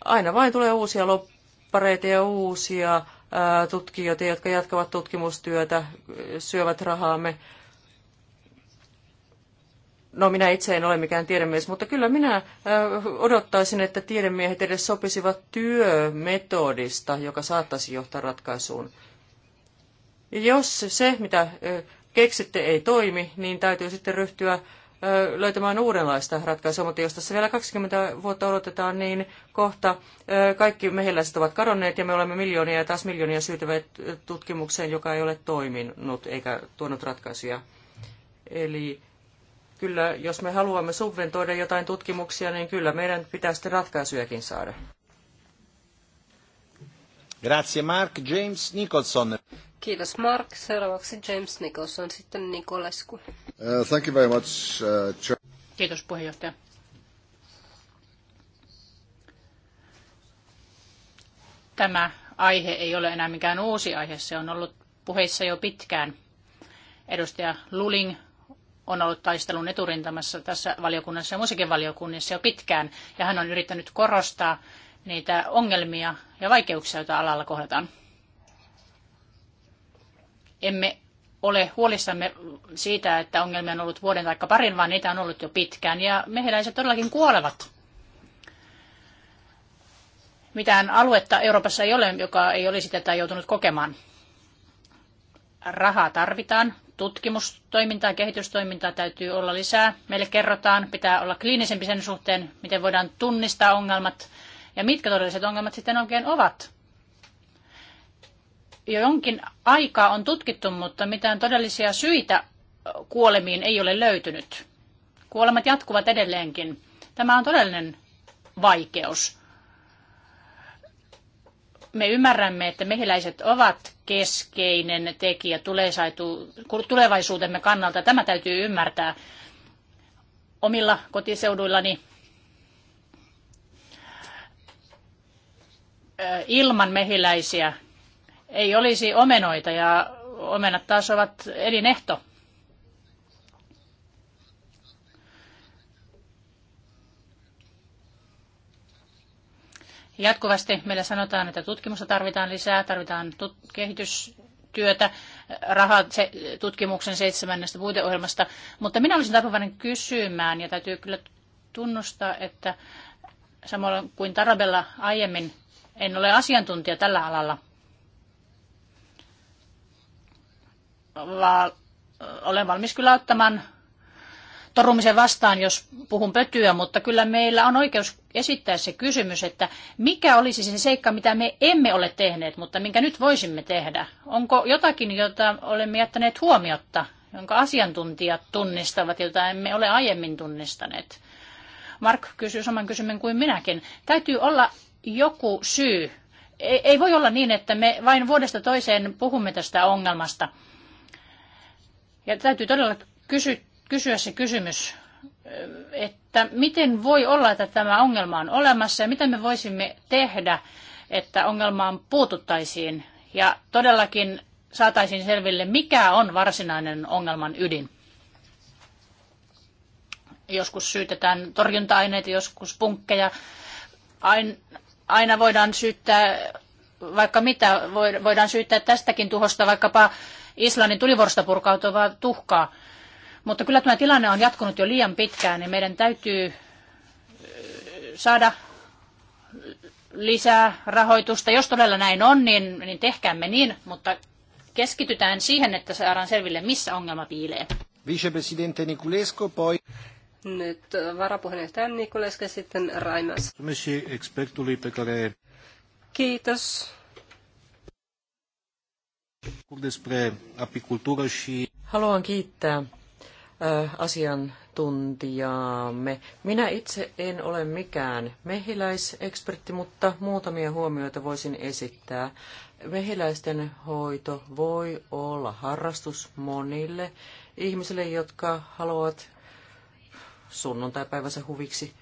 Aina vain tulee uusia loppareita ja uusia tutkijoita, jotka jatkavat tutkimustyötä, syövät rahaamme No minä itse en ole mikään tiedemies, mutta kyllä minä äh, odottaisin, että tiedemiehet edes sopisivat työmetodista, joka saattaisi johtaa ratkaisuun. Jos se, mitä äh, keksitte, ei toimi, niin täytyy sitten ryhtyä äh, löytämään uudenlaista ratkaisua, mutta jos tässä vielä 20 vuotta odotetaan, niin kohta kaikki mehiläiset ovat kadonneet ja me olemme miljoonia ja taas miljoonia syytävät tutkimukseen, joka ei ole toiminut eikä tuonut ratkaisuja. Eli kyllä, jos me haluamme subventoida jotain tutkimuksia, niin kyllä meidän pitää sitten ratkaisujakin saada. Grazie Mark. James Nicholson.
Kiitos Mark. Seuraavaksi James Nicholson, sitten Nikolescu.
Uh, thank you very much, uh,
Kiitos puheenjohtaja.
Tämä aihe ei ole enää mikään uusi aihe, se on ollut puheissa jo pitkään. Edustaja Luling on ollut taistelun eturintamassa tässä valiokunnassa ja muissakin valiokunnissa jo pitkään, ja hän on yrittänyt korostaa niitä ongelmia ja vaikeuksia, joita alalla kohdataan. Emme ole huolissamme siitä, että ongelmia on ollut vuoden tai parin, vaan niitä on ollut jo pitkään, ja mehiläiset todellakin kuolevat mitään aluetta Euroopassa ei ole, joka ei olisi tätä joutunut kokemaan rahaa tarvitaan. Tutkimustoimintaa, kehitystoimintaa täytyy olla lisää. Meille kerrotaan, pitää olla kliinisempi sen suhteen, miten voidaan tunnistaa ongelmat ja mitkä todelliset ongelmat sitten oikein ovat. Jo jonkin aikaa on tutkittu, mutta mitään todellisia syitä kuolemiin ei ole löytynyt. Kuolemat jatkuvat edelleenkin. Tämä on todellinen vaikeus me ymmärrämme, että mehiläiset ovat keskeinen tekijä tulevaisuutemme kannalta. Tämä täytyy ymmärtää. Omilla kotiseuduillani ilman mehiläisiä ei olisi omenoita ja omenat taas ovat elinehto. Jatkuvasti meillä sanotaan, että tutkimusta tarvitaan lisää, tarvitaan tut- kehitystyötä, rahat se, tutkimuksen seitsemännestä puiteohjelmasta, mutta minä olisin taipuvainen kysymään ja täytyy kyllä tunnustaa, että samalla kuin Tarabella aiemmin, en ole asiantuntija tällä alalla, Va- olen valmis kyllä ottamaan torumisen vastaan, jos puhun pötyä, mutta kyllä meillä on oikeus esittää se kysymys, että mikä olisi se seikka, mitä me emme ole tehneet, mutta minkä nyt voisimme tehdä? Onko jotakin, jota olemme jättäneet huomiotta, jonka asiantuntijat tunnistavat, jota emme ole aiemmin tunnistaneet? Mark kysyy saman kysymyksen kuin minäkin. Täytyy olla joku syy. Ei, voi olla niin, että me vain vuodesta toiseen puhumme tästä ongelmasta. Ja täytyy todella kysy, kysyä se kysymys, että miten voi olla, että tämä ongelma on olemassa ja mitä me voisimme tehdä, että ongelmaan puututtaisiin ja todellakin saataisiin selville, mikä on varsinainen ongelman ydin. Joskus syytetään torjunta-aineita, joskus punkkeja. Aina voidaan syyttää vaikka mitä, voidaan syyttää tästäkin tuhosta vaikkapa Islannin tulivuorosta purkautuvaa tuhkaa. Mutta kyllä tämä tilanne on jatkunut jo liian pitkään, niin meidän täytyy saada lisää rahoitusta. Jos todella näin on, niin, niin tehkäämme niin, mutta keskitytään
siihen, että saadaan selville, missä ongelma piilee. Vicepresidente Niculesco, poi... Nyt varapuheenjohtaja Niculesco sitten Raimas. Kiitos.
Haluan kiittää asiantuntijaamme. Minä itse en ole mikään mehiläisekspertti, mutta muutamia huomioita voisin esittää. Mehiläisten hoito voi olla harrastus monille ihmisille, jotka haluavat sunnuntaipäivänsä huviksi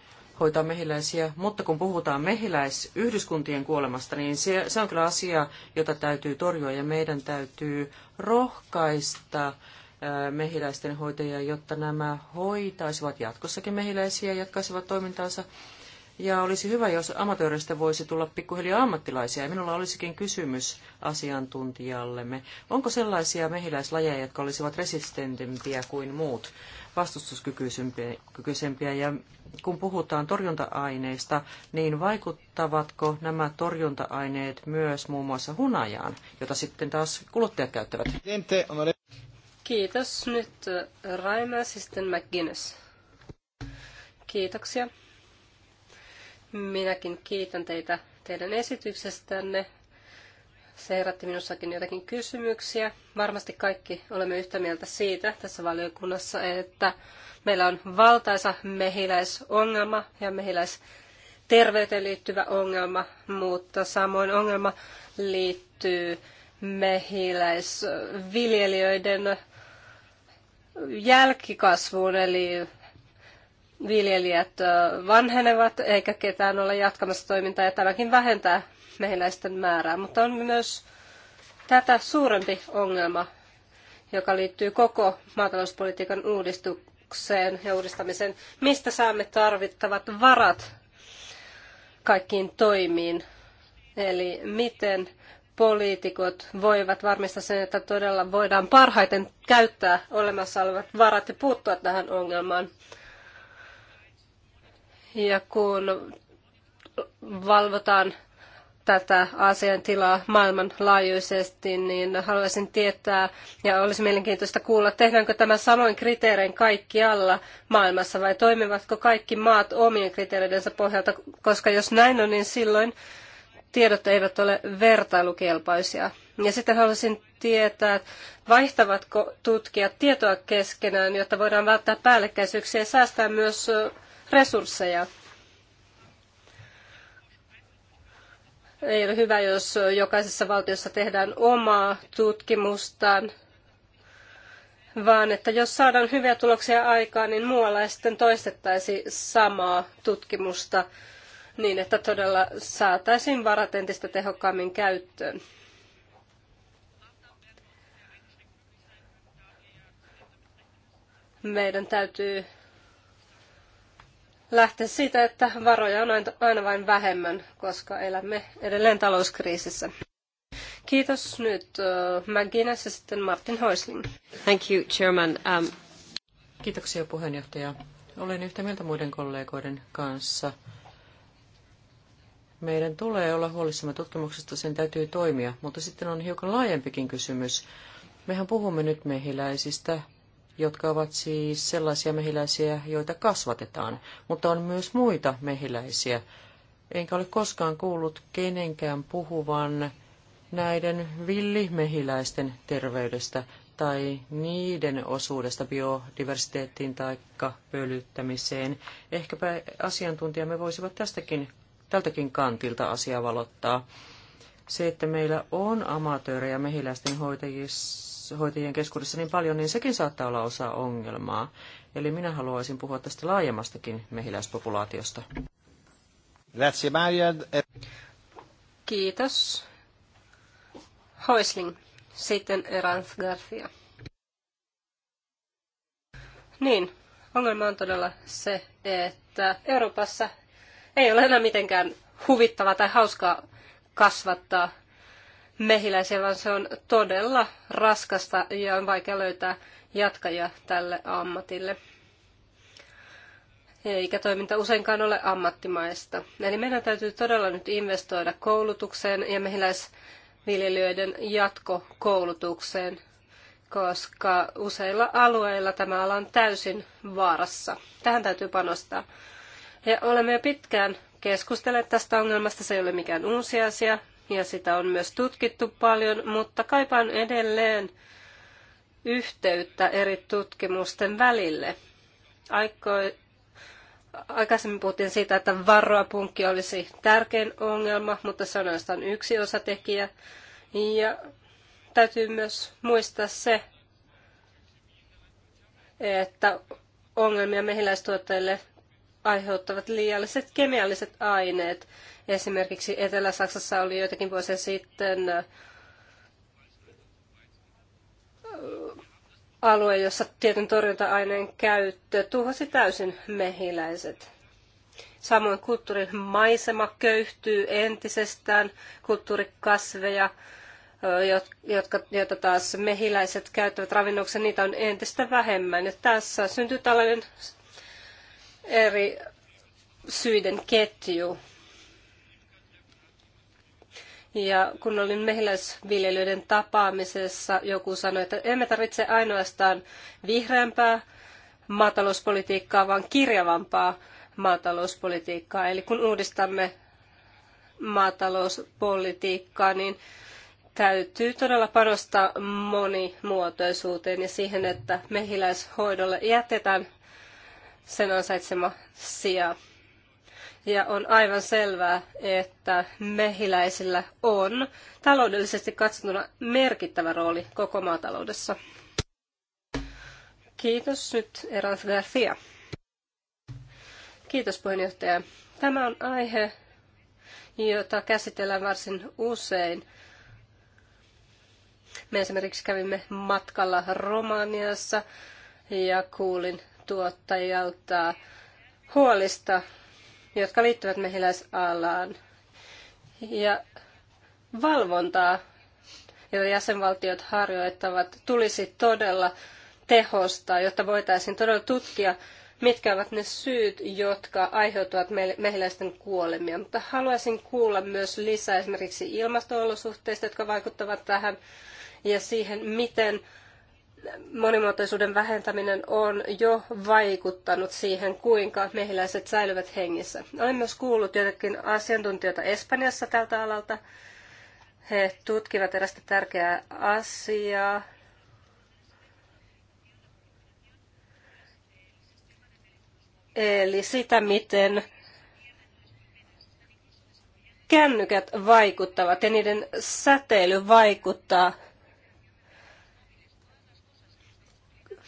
hoitaa mehiläisiä, mutta kun puhutaan mehiläisyhdyskuntien kuolemasta, niin se, se on kyllä asia, jota täytyy torjua ja meidän täytyy rohkaista mehiläisten hoitajia, jotta nämä hoitaisivat jatkossakin mehiläisiä, jatkaisivat toimintaansa. Ja olisi hyvä, jos amatööreistä voisi tulla pikkuhiljaa ammattilaisia. Ja minulla olisikin kysymys asiantuntijallemme. Onko sellaisia mehiläislajeja, jotka olisivat resistentimpiä kuin muut, vastustuskykyisempiä? Ja kun puhutaan torjunta-aineista, niin vaikuttavatko nämä torjunta-aineet myös muun muassa hunajaan, jota sitten taas kuluttajat käyttävät?
Kiitos. Nyt äh, Raima, sitten McGuinness. Kiitoksia. Minäkin kiitän teitä teidän esityksestänne. Se herätti minussakin jotakin kysymyksiä. Varmasti kaikki olemme yhtä mieltä siitä tässä valiokunnassa, että meillä on valtaisa mehiläisongelma ja mehiläisterveyteen liittyvä ongelma, mutta samoin ongelma liittyy mehiläisviljelijöiden jälkikasvuun, eli viljelijät vanhenevat eikä ketään ole jatkamassa toimintaa ja tämäkin vähentää mehiläisten määrää. Mutta on myös tätä suurempi ongelma, joka liittyy koko maatalouspolitiikan uudistukseen ja uudistamiseen. Mistä saamme tarvittavat varat kaikkiin toimiin? Eli miten poliitikot voivat varmistaa sen, että todella voidaan parhaiten käyttää olemassa olevat varat ja puuttua tähän ongelmaan. Ja kun valvotaan tätä asian tilaa maailmanlaajuisesti, niin haluaisin tietää, ja olisi mielenkiintoista kuulla, tehdäänkö tämä samoin kriteerein kaikkialla maailmassa, vai toimivatko kaikki maat omien kriteereidensä pohjalta, koska jos näin on, niin silloin tiedot eivät ole vertailukelpoisia. Ja sitten haluaisin tietää, vaihtavatko tutkijat tietoa keskenään, jotta voidaan välttää päällekkäisyyksiä ja säästää myös resursseja. Ei ole hyvä, jos jokaisessa valtiossa tehdään omaa tutkimustaan, vaan että jos saadaan hyviä tuloksia aikaan, niin muualla sitten toistettaisiin samaa tutkimusta niin, että todella saataisiin varat entistä tehokkaammin käyttöön. Meidän täytyy lähteä siitä, että varoja on aina vain vähemmän, koska elämme edelleen talouskriisissä. Kiitos nyt uh, McGuinness ja sitten Martin Hoisling.
Thank you, Chairman. Um... Kiitoksia puheenjohtaja. Olen yhtä mieltä muiden kollegoiden kanssa meidän tulee olla huolissamme tutkimuksesta, sen täytyy toimia, mutta sitten on hiukan laajempikin kysymys. Mehän puhumme nyt mehiläisistä, jotka ovat siis sellaisia mehiläisiä, joita kasvatetaan, mutta on myös muita mehiläisiä. Enkä ole koskaan kuullut kenenkään puhuvan näiden villimehiläisten terveydestä tai niiden osuudesta biodiversiteettiin tai pölyttämiseen. Ehkäpä asiantuntijamme voisivat tästäkin tältäkin kantilta asia valottaa. Se, että meillä on amatöörejä mehiläisten hoitajien keskuudessa niin paljon, niin sekin saattaa olla osa ongelmaa. Eli minä haluaisin puhua tästä laajemmastakin mehiläispopulaatiosta. Grazie, Maria.
Kiitos. Hoisling. Sitten Eranth Garcia. Niin, ongelma on todella se, että Euroopassa ei ole enää mitenkään huvittavaa tai hauskaa kasvattaa mehiläisiä, vaan se on todella raskasta ja on vaikea löytää jatkajia tälle ammatille. Eikä toiminta useinkaan ole ammattimaista. Eli meidän täytyy todella nyt investoida koulutukseen ja mehiläisviljelijöiden jatkokoulutukseen, koska useilla alueilla tämä ala on täysin vaarassa. Tähän täytyy panostaa. Ja olemme jo pitkään keskustelleet tästä ongelmasta, se ei ole mikään uusi asia, ja sitä on myös tutkittu paljon, mutta kaipaan edelleen yhteyttä eri tutkimusten välille. Aiko, aikaisemmin puhuttiin siitä, että varroapunkki olisi tärkein ongelma, mutta se on ainoastaan yksi osatekijä. Ja täytyy myös muistaa se, että ongelmia mehiläistuottajille aiheuttavat liialliset kemialliset aineet. Esimerkiksi Etelä-Saksassa oli joitakin vuosia sitten alue, jossa tietyn torjunta-aineen käyttö tuhosi täysin mehiläiset. Samoin kulttuurin maisema köyhtyy entisestään, kulttuurikasveja, jotka, joita taas mehiläiset käyttävät ravinnokseen niitä on entistä vähemmän. Ja tässä syntyy tällainen eri syiden ketju. Ja kun olin mehiläisviljelijöiden tapaamisessa, joku sanoi, että emme tarvitse ainoastaan vihreämpää maatalouspolitiikkaa, vaan kirjavampaa maatalouspolitiikkaa. Eli kun uudistamme maatalouspolitiikkaa, niin täytyy todella panostaa monimuotoisuuteen ja siihen, että mehiläishoidolle jätetään sen ansaitsema sija. Ja on aivan selvää, että mehiläisillä on taloudellisesti katsottuna merkittävä rooli koko maataloudessa. Kiitos nyt Erans Garcia. Kiitos puheenjohtaja. Tämä on aihe, jota käsitellään varsin usein. Me esimerkiksi kävimme matkalla Romaniassa ja kuulin tuottajalta huolista, jotka liittyvät mehiläisalaan, ja valvontaa, jota jäsenvaltiot harjoittavat, tulisi todella tehostaa, jotta voitaisiin todella tutkia, mitkä ovat ne syyt, jotka aiheuttavat mehiläisten kuolemia. Mutta haluaisin kuulla myös lisää esimerkiksi olosuhteista jotka vaikuttavat tähän, ja siihen, miten monimuotoisuuden vähentäminen on jo vaikuttanut siihen, kuinka mehiläiset säilyvät hengissä. Olen myös kuullut jotenkin asiantuntijoita Espanjassa tältä alalta. He tutkivat erästä tärkeää asiaa. Eli sitä, miten kännykät vaikuttavat ja niiden säteily vaikuttaa –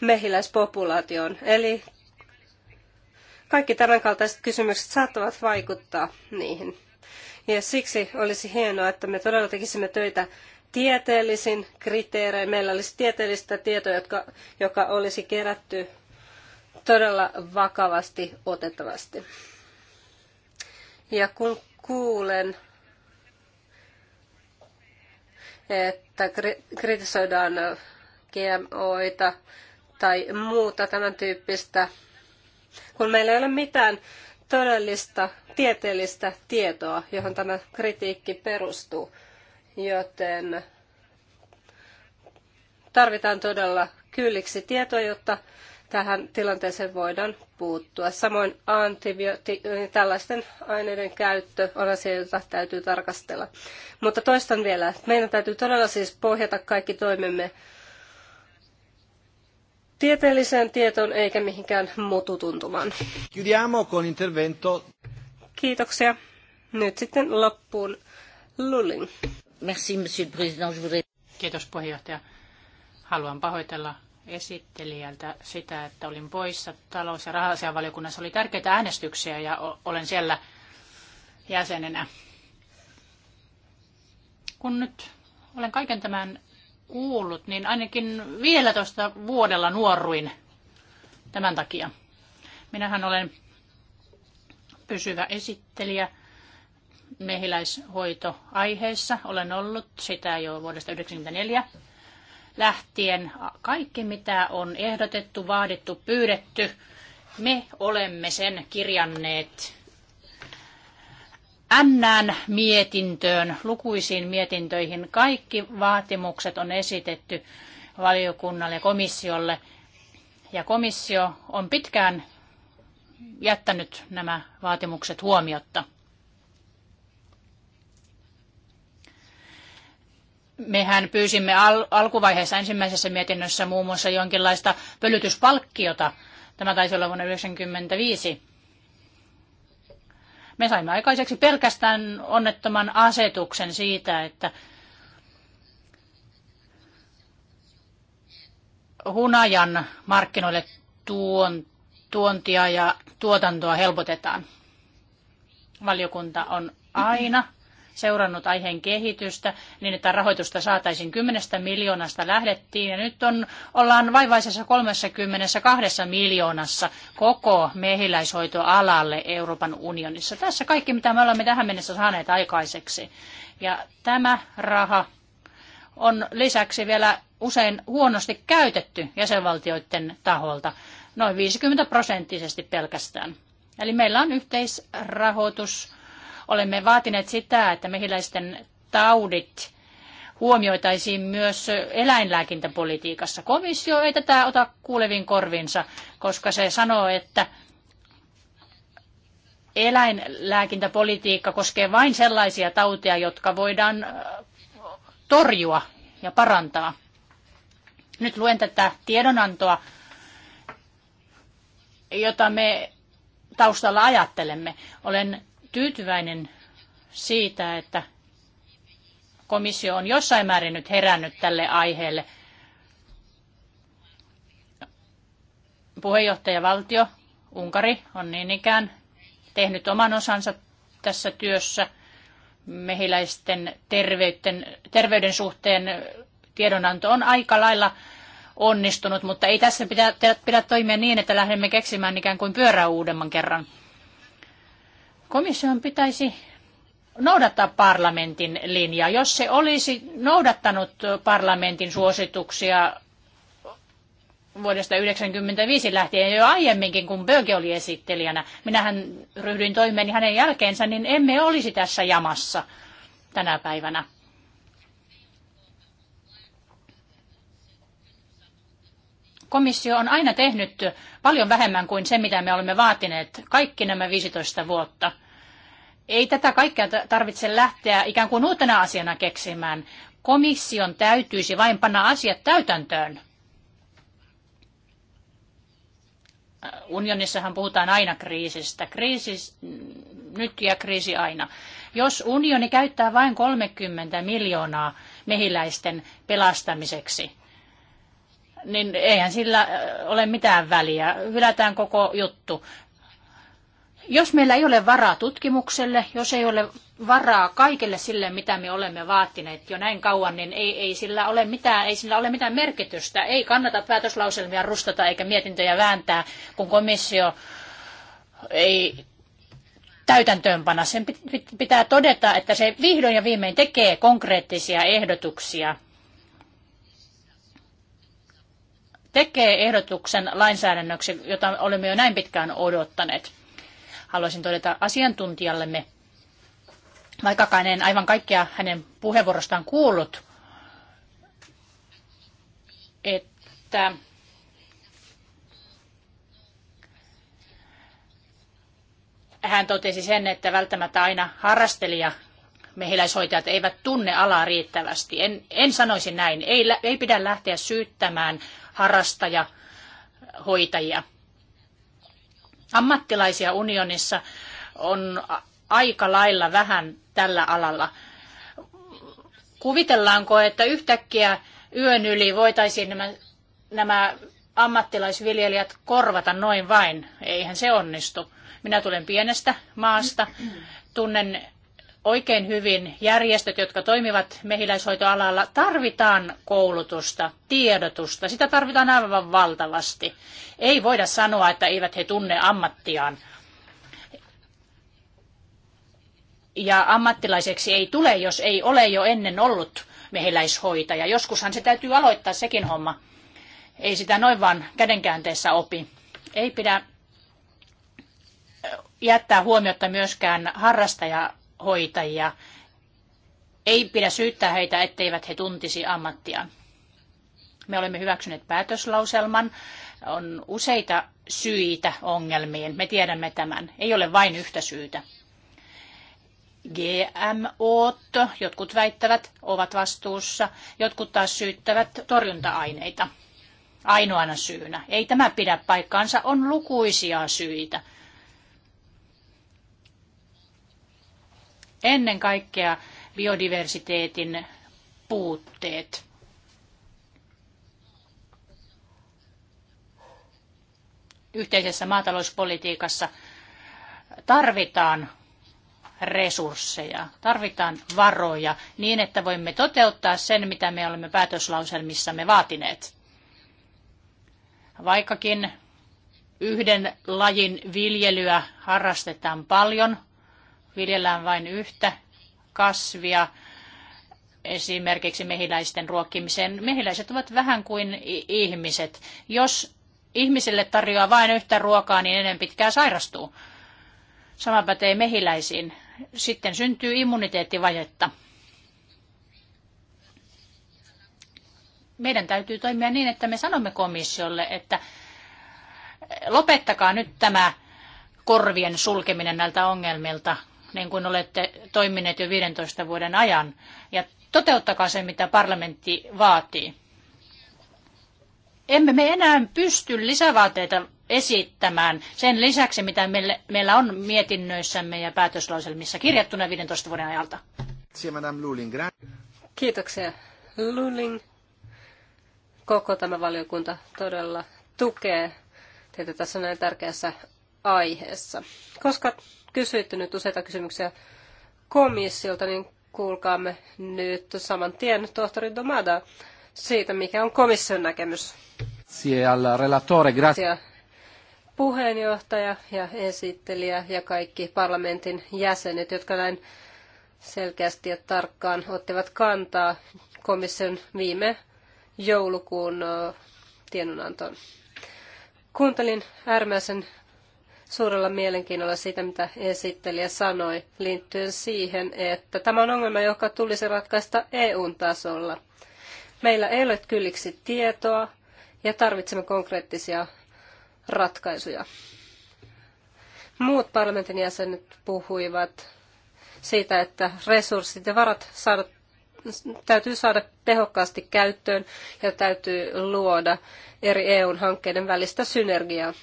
mehiläispopulaatioon. Eli kaikki tämänkaltaiset kysymykset saattavat vaikuttaa niihin. Ja siksi olisi hienoa, että me todella tekisimme töitä tieteellisin kriteerein. Meillä olisi tieteellistä tietoa, jotka, joka olisi kerätty todella vakavasti otettavasti. Ja kun kuulen, että kritisoidaan GMOita tai muuta tämän tyyppistä, kun meillä ei ole mitään todellista tieteellistä tietoa, johon tämä kritiikki perustuu. Joten tarvitaan todella kylliksi tietoa, jotta tähän tilanteeseen voidaan puuttua. Samoin antibiootti, tällaisten aineiden käyttö on asia, jota täytyy tarkastella. Mutta toistan vielä, että meidän täytyy todella siis pohjata kaikki toimemme tieteelliseen tietoon eikä mihinkään mututuntumaan. Chiudiamo con intervento. Kiitoksia. Nyt sitten loppuun Lulling. Merci, monsieur le président. Je voudrais... Kiitos puheenjohtaja. Haluan
pahoitella esittelijältä sitä, että olin poissa talous- ja rahasiavaliokunnassa. Oli tärkeitä äänestyksiä ja olen siellä jäsenenä. Kun nyt olen kaiken tämän kuullut, niin ainakin vielä tuosta vuodella nuoruin tämän takia. Minähän olen pysyvä esittelijä mehiläishoitoaiheessa. Olen ollut sitä jo vuodesta 1994 lähtien. Kaikki, mitä on ehdotettu, vaadittu, pyydetty, me olemme sen kirjanneet Annaan mietintöön, lukuisiin mietintöihin. Kaikki vaatimukset on esitetty valiokunnalle ja komissiolle. Ja komissio on pitkään jättänyt nämä vaatimukset huomiotta. Mehän pyysimme al- alkuvaiheessa ensimmäisessä mietinnössä muun muassa jonkinlaista pölytyspalkkiota. Tämä taisi olla vuonna 1995. Me saimme aikaiseksi pelkästään onnettoman asetuksen siitä, että hunajan markkinoille tuon, tuontia ja tuotantoa helpotetaan. Valiokunta on aina seurannut aiheen kehitystä niin, että rahoitusta saataisiin 10 miljoonasta lähdettiin ja nyt on, ollaan vaivaisessa 32 miljoonassa koko mehiläishoitoalalle Euroopan unionissa. Tässä kaikki, mitä me olemme tähän mennessä saaneet aikaiseksi. Ja tämä raha on lisäksi vielä usein huonosti käytetty jäsenvaltioiden taholta, noin 50 prosenttisesti pelkästään. Eli meillä on yhteisrahoitus Olemme vaatineet sitä, että mehiläisten taudit huomioitaisiin myös eläinlääkintäpolitiikassa. Komissio ei tätä ota kuuleviin korvinsa, koska se sanoo, että eläinlääkintäpolitiikka koskee vain sellaisia tauteja, jotka voidaan äh, torjua ja parantaa. Nyt luen tätä tiedonantoa, jota me taustalla ajattelemme. Olen tyytyväinen siitä, että komissio on jossain määrin nyt herännyt tälle aiheelle. Puheenjohtajavaltio Unkari on niin ikään tehnyt oman osansa tässä työssä mehiläisten terveyden, terveyden suhteen. Tiedonanto on aika lailla onnistunut, mutta ei tässä pidä, pidä toimia niin, että lähdemme keksimään ikään kuin pyörää uudemman kerran. Komission pitäisi noudattaa parlamentin linjaa. Jos se olisi noudattanut parlamentin suosituksia vuodesta 1995 lähtien jo aiemminkin, kun Böge oli esittelijänä, minähän ryhdyin toimeen hänen jälkeensä, niin emme olisi tässä jamassa tänä päivänä. komissio on aina tehnyt paljon vähemmän kuin se, mitä me olemme vaatineet kaikki nämä 15 vuotta. Ei tätä kaikkea tarvitse lähteä ikään kuin uutena asiana keksimään. Komission täytyisi vain panna asiat täytäntöön. Unionissahan puhutaan aina kriisistä. Kriisi nyt ja kriisi aina. Jos unioni käyttää vain 30 miljoonaa mehiläisten pelastamiseksi, niin eihän sillä äh, ole mitään väliä. Hylätään koko juttu. Jos meillä ei ole varaa tutkimukselle, jos ei ole varaa kaikelle sille, mitä me olemme vaatineet jo näin kauan, niin ei, ei, sillä, ole mitään, ei sillä ole mitään merkitystä. Ei kannata päätöslauselmia rustata eikä mietintöjä vääntää, kun komissio ei täytäntöönpana. Sen pitää todeta, että se vihdoin ja viimein tekee konkreettisia ehdotuksia tekee ehdotuksen lainsäädännöksi, jota olemme jo näin pitkään odottaneet. Haluaisin todeta asiantuntijallemme, vaikkakaan en aivan kaikkea hänen puheenvuorostaan kuullut, että hän totesi sen, että välttämättä aina harrastelija mehiläishoitajat eivät tunne alaa riittävästi. En, en sanoisi näin. Ei, ei pidä lähteä syyttämään hoitajia. Ammattilaisia unionissa on aika lailla vähän tällä alalla. Kuvitellaanko, että yhtäkkiä yön yli voitaisiin nämä, nämä ammattilaisviljelijät korvata noin vain? Eihän se onnistu. Minä tulen pienestä maasta, tunnen oikein hyvin järjestöt, jotka toimivat mehiläishoitoalalla, tarvitaan koulutusta, tiedotusta. Sitä tarvitaan aivan valtavasti. Ei voida sanoa, että eivät he tunne ammattiaan. Ja ammattilaiseksi ei tule, jos ei ole jo ennen ollut mehiläishoitaja. Joskushan se täytyy aloittaa sekin homma. Ei sitä noin vaan kädenkäänteessä opi. Ei pidä jättää huomiota myöskään harrastaja hoitajia. Ei pidä syyttää heitä, etteivät he tuntisi ammattiaan. Me olemme hyväksyneet päätöslauselman. On useita syitä ongelmiin. Me tiedämme tämän. Ei ole vain yhtä syytä. GMO, jotkut väittävät, ovat vastuussa, jotkut taas syyttävät torjunta-aineita ainoana syynä. Ei tämä pidä paikkaansa, on lukuisia syitä. ennen kaikkea biodiversiteetin puutteet. Yhteisessä maatalouspolitiikassa tarvitaan resursseja, tarvitaan varoja niin, että voimme toteuttaa sen, mitä me olemme päätöslauselmissamme vaatineet. Vaikkakin yhden lajin viljelyä harrastetaan paljon, viljellään vain yhtä kasvia, esimerkiksi mehiläisten ruokkimiseen. Mehiläiset ovat vähän kuin ihmiset. Jos ihmisille tarjoaa vain yhtä ruokaa, niin ennen pitkään sairastuu. Sama pätee mehiläisiin. Sitten syntyy immuniteettivajetta. Meidän täytyy toimia niin, että me sanomme komissiolle, että lopettakaa nyt tämä korvien sulkeminen näiltä ongelmilta niin kuin olette toimineet jo 15 vuoden ajan, ja toteuttakaa se, mitä parlamentti vaatii. Emme me enää pysty lisävaateita esittämään sen lisäksi, mitä meillä on mietinnöissämme ja päätöslauselmissa kirjattuna 15 vuoden ajalta.
Kiitoksia, Luling. Koko tämä valiokunta todella tukee teitä tässä näin tärkeässä aiheessa. Koska kysyitte nyt useita kysymyksiä komissiolta, niin kuulkaamme nyt saman tien tohtori Domada siitä, mikä on komission näkemys. Grazie puheenjohtaja ja esittelijä ja kaikki parlamentin jäsenet, jotka näin selkeästi ja tarkkaan ottivat kantaa komission viime joulukuun tiedonantoon. Kuuntelin äärimmäisen suurella mielenkiinnolla sitä, mitä esittelijä sanoi liittyen siihen, että tämä on ongelma, joka tulisi ratkaista EUn tasolla. Meillä ei ole kylliksi tietoa ja tarvitsemme konkreettisia ratkaisuja. Muut parlamentin jäsenet puhuivat siitä, että resurssit ja varat saada, täytyy saada tehokkaasti käyttöön ja täytyy luoda eri EUn hankkeiden välistä synergiaa.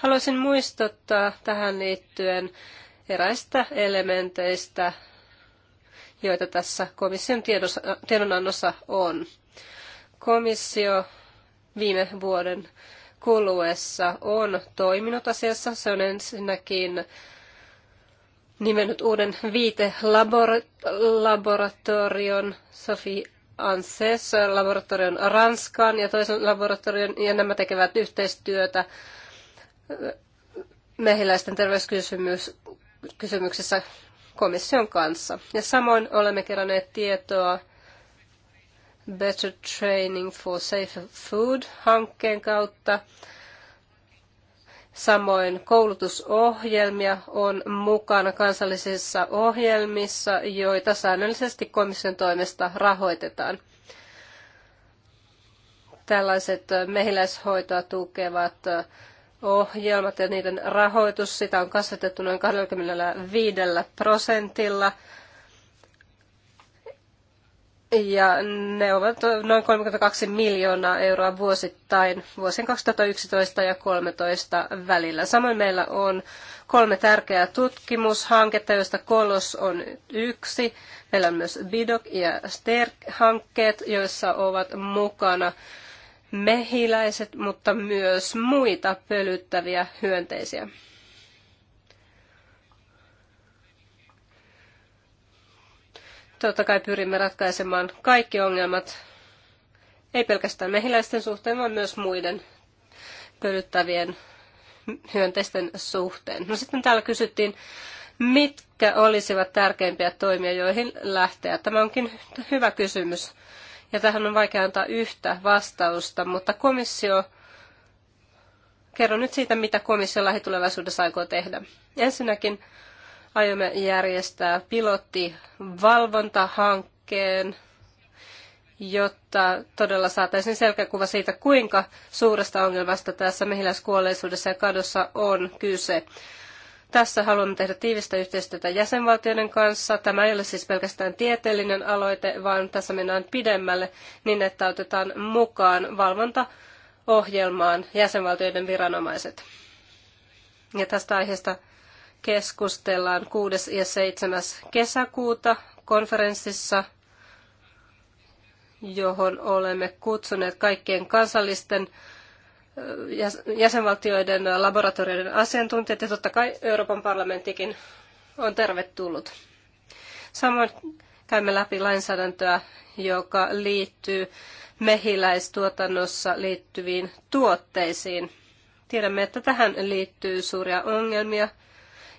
Haluaisin muistuttaa tähän liittyen eräistä elementeistä, joita tässä komission tiedonannossa on. Komissio viime vuoden kuluessa on toiminut asiassa. Se on ensinnäkin nimennyt uuden viitelaboratorion Sofi Anses laboratorion Ranskaan ja toisen laboratorion, ja nämä tekevät yhteistyötä mehiläisten terveyskysymyksissä komission kanssa. Ja samoin olemme keränneet tietoa Better Training for Safer Food-hankkeen kautta. Samoin koulutusohjelmia on mukana kansallisissa ohjelmissa, joita säännöllisesti komission toimesta rahoitetaan. Tällaiset mehiläishoitoa tukevat ohjelmat ja niiden rahoitus, sitä on kasvatettu noin 25 prosentilla. Ja ne ovat noin 32 miljoonaa euroa vuosittain vuosien 2011 ja 2013 välillä. Samoin meillä on kolme tärkeää tutkimushanketta, joista Kolos on yksi. Meillä on myös BIDOC ja STERK-hankkeet, joissa ovat mukana mehiläiset, mutta myös muita pölyttäviä hyönteisiä. Totta kai pyrimme ratkaisemaan kaikki ongelmat, ei pelkästään mehiläisten suhteen, vaan myös muiden pölyttävien hyönteisten suhteen. No sitten täällä kysyttiin, mitkä olisivat tärkeimpiä toimia, joihin lähteä. Tämä onkin hyvä kysymys. Ja tähän on vaikea antaa yhtä vastausta, mutta komissio, kerro nyt siitä, mitä komissio lähitulevaisuudessa aikoo tehdä. Ensinnäkin aiomme järjestää pilottivalvontahankkeen, jotta todella saataisiin selkäkuva siitä, kuinka suuresta ongelmasta tässä mehiläiskuolleisuudessa ja kadossa on kyse. Tässä haluamme tehdä tiivistä yhteistyötä jäsenvaltioiden kanssa. Tämä ei ole siis pelkästään tieteellinen aloite, vaan tässä mennään pidemmälle niin, että otetaan mukaan valvontaohjelmaan jäsenvaltioiden viranomaiset. Ja tästä aiheesta keskustellaan 6. ja 7. kesäkuuta konferenssissa, johon olemme kutsuneet kaikkien kansallisten jäsenvaltioiden laboratorioiden asiantuntijat ja totta kai Euroopan parlamenttikin on tervetullut. Samoin käymme läpi lainsäädäntöä, joka liittyy mehiläistuotannossa liittyviin tuotteisiin. Tiedämme, että tähän liittyy suuria ongelmia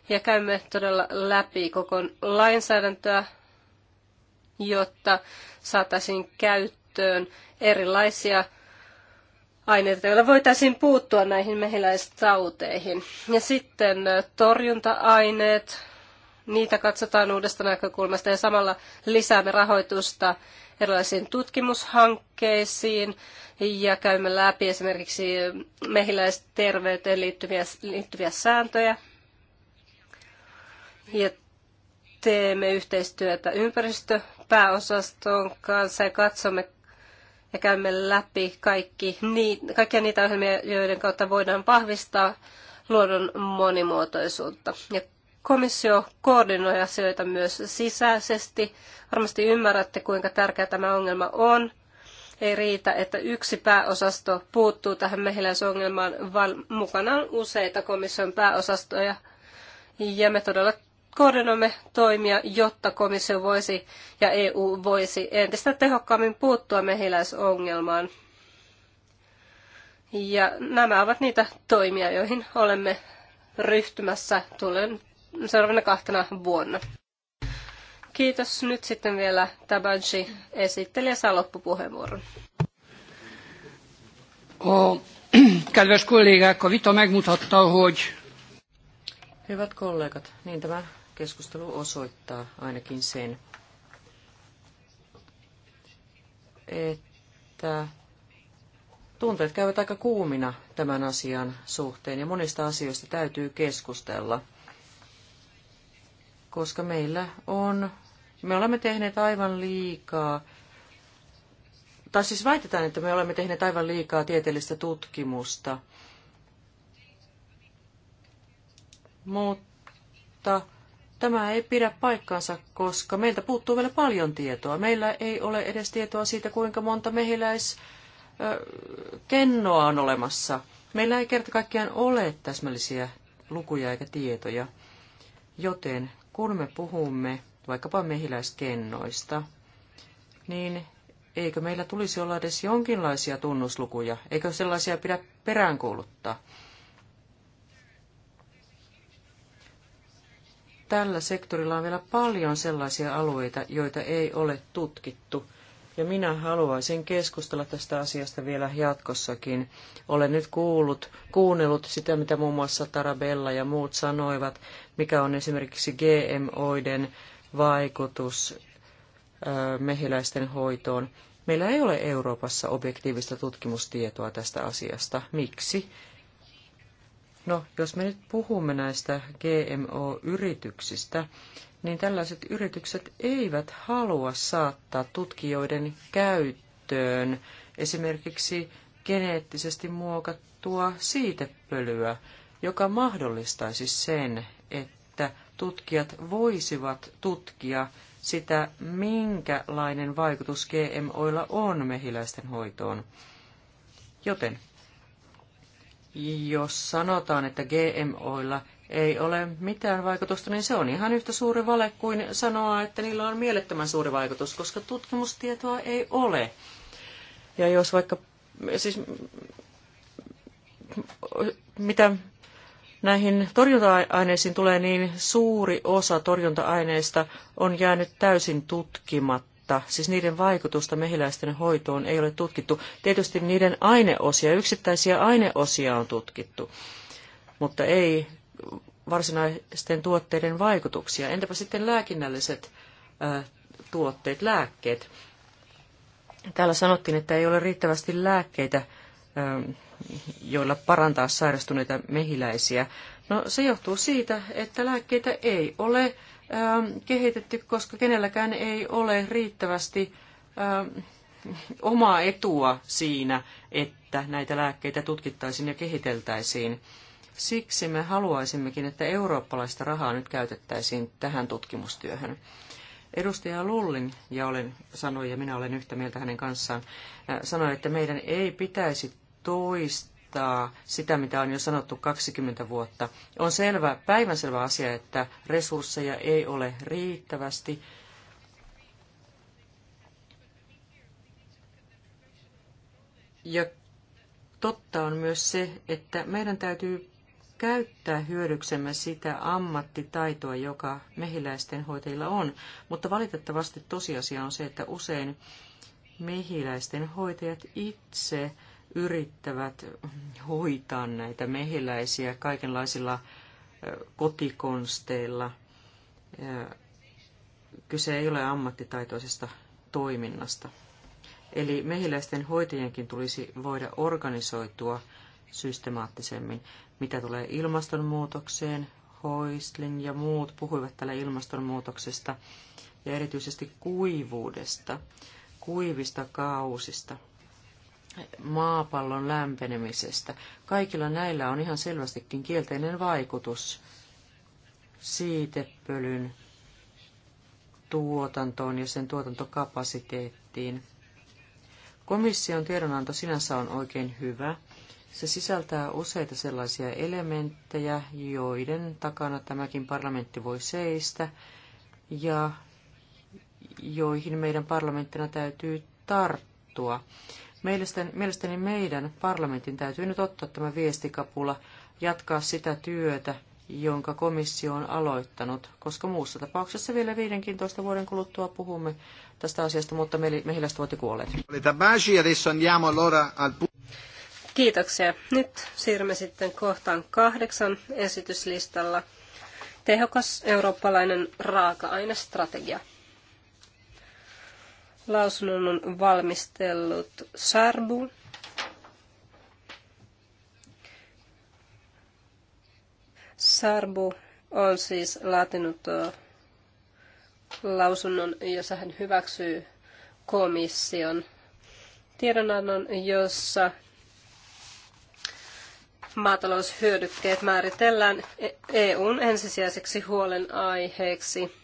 ja käymme todella läpi koko lainsäädäntöä, jotta saataisiin käyttöön erilaisia aineita, joilla voitaisiin puuttua näihin mehiläistauteihin. Ja sitten torjunta-aineet, niitä katsotaan uudesta näkökulmasta ja samalla lisäämme rahoitusta erilaisiin tutkimushankkeisiin ja käymme läpi esimerkiksi mehiläisterveyteen liittyviä, liittyviä sääntöjä. Ja teemme yhteistyötä ympäristöpääosaston kanssa ja katsomme, ja käymme läpi kaikki, kaikkia niitä ohjelmia, joiden kautta voidaan vahvistaa luonnon monimuotoisuutta. Ja komissio koordinoi asioita myös sisäisesti. Varmasti ymmärrätte, kuinka tärkeä tämä ongelma on. Ei riitä, että yksi pääosasto puuttuu tähän mehiläisongelmaan, vaan mukana on useita komission pääosastoja. Ja me todella koordinoimme toimia, jotta komissio voisi ja EU voisi entistä tehokkaammin puuttua mehiläisongelmaan. Ja nämä ovat niitä toimia, joihin olemme ryhtymässä tulen seuraavana kahtena vuonna. Kiitos. Nyt sitten vielä Tabanji esittelijä saa loppupuheenvuoron.
A kedves kollégák, a vita megmutatta, hogy...
Hyvät kollegat, niin tämä Keskustelu osoittaa ainakin sen, että tunteet käyvät aika kuumina tämän asian suhteen ja monista asioista täytyy keskustella, koska meillä on, me olemme tehneet aivan liikaa, tai siis väitetään, että me olemme tehneet aivan liikaa tieteellistä tutkimusta, mutta Tämä ei pidä paikkaansa, koska meiltä puuttuu vielä paljon tietoa. Meillä ei ole edes tietoa siitä, kuinka monta mehiläiskennoa on olemassa. Meillä ei kerta kaikkiaan ole täsmällisiä lukuja eikä tietoja. Joten kun me puhumme vaikkapa mehiläiskennoista, niin eikö meillä tulisi olla edes jonkinlaisia tunnuslukuja? Eikö sellaisia pidä peräänkuuluttaa? tällä sektorilla on vielä paljon sellaisia alueita, joita ei ole tutkittu. Ja minä haluaisin keskustella tästä asiasta vielä jatkossakin. Olen nyt kuullut, kuunnellut sitä, mitä muun muassa Tarabella ja muut sanoivat, mikä on esimerkiksi GMOiden vaikutus mehiläisten hoitoon. Meillä ei ole Euroopassa objektiivista tutkimustietoa tästä asiasta. Miksi? No, jos me nyt puhumme näistä GMO-yrityksistä, niin tällaiset yritykset eivät halua saattaa tutkijoiden käyttöön esimerkiksi geneettisesti muokattua siitepölyä, joka mahdollistaisi sen, että tutkijat voisivat tutkia sitä, minkälainen vaikutus GMOilla on mehiläisten hoitoon. Joten jos sanotaan, että GMOilla ei ole mitään vaikutusta, niin se on ihan yhtä suuri vale kuin sanoa, että niillä on mielettömän suuri vaikutus, koska tutkimustietoa ei ole. Ja jos vaikka, siis mitä näihin torjunta-aineisiin tulee, niin suuri osa torjunta-aineista on jäänyt täysin tutkimatta vaikutusta, siis niiden vaikutusta mehiläisten hoitoon ei ole tutkittu. Tietysti niiden aineosia, yksittäisiä aineosia on tutkittu, mutta ei varsinaisten tuotteiden vaikutuksia. Entäpä sitten lääkinnälliset tuotteet, lääkkeet? Täällä sanottiin, että ei ole riittävästi lääkkeitä, joilla parantaa sairastuneita mehiläisiä. No se johtuu siitä, että lääkkeitä ei ole Ähm, kehitetty, koska kenelläkään ei ole riittävästi ähm, omaa etua siinä, että näitä lääkkeitä tutkittaisiin ja kehiteltäisiin. Siksi me haluaisimmekin, että eurooppalaista rahaa nyt käytettäisiin tähän tutkimustyöhön. Edustaja Lullin, ja olen, sanoi, ja minä olen yhtä mieltä hänen kanssaan, äh, sanoi, että meidän ei pitäisi toistaa toistaa sitä, mitä on jo sanottu 20 vuotta. On selvä, päivänselvä asia, että resursseja ei ole riittävästi. Ja totta on myös se, että meidän täytyy käyttää hyödyksemme sitä ammattitaitoa, joka mehiläisten hoitajilla on. Mutta valitettavasti tosiasia on se, että usein mehiläisten hoitajat itse yrittävät hoitaa näitä mehiläisiä kaikenlaisilla kotikonsteilla. Kyse ei ole ammattitaitoisesta toiminnasta. Eli mehiläisten hoitajienkin tulisi voida organisoitua systemaattisemmin. Mitä tulee ilmastonmuutokseen, Hoistlin ja muut puhuivat tällä ilmastonmuutoksesta ja erityisesti kuivuudesta, kuivista kausista – maapallon lämpenemisestä. Kaikilla näillä on ihan selvästikin kielteinen vaikutus siitepölyn tuotantoon ja sen tuotantokapasiteettiin. Komission tiedonanto sinänsä on oikein hyvä. Se sisältää useita sellaisia elementtejä, joiden takana tämäkin parlamentti voi seistä ja joihin meidän parlamenttina täytyy tarttua. Mielestäni, mielestäni meidän parlamentin täytyy nyt ottaa tämä viestikapula, jatkaa sitä työtä, jonka komissio on aloittanut, koska muussa tapauksessa vielä 15 vuoden kuluttua puhumme tästä asiasta, mutta mehiläiset ovat jo kuolleet.
Kiitoksia. Nyt siirrymme sitten kohtaan kahdeksan esityslistalla. Tehokas eurooppalainen raaka-ainestrategia. Lausunnon on valmistellut Sarbu. Sarbu on siis laatinut lausunnon, jossa hän hyväksyy komission tiedonannon, jossa maataloushyödykkeet määritellään e- EUn ensisijaiseksi huolenaiheeksi,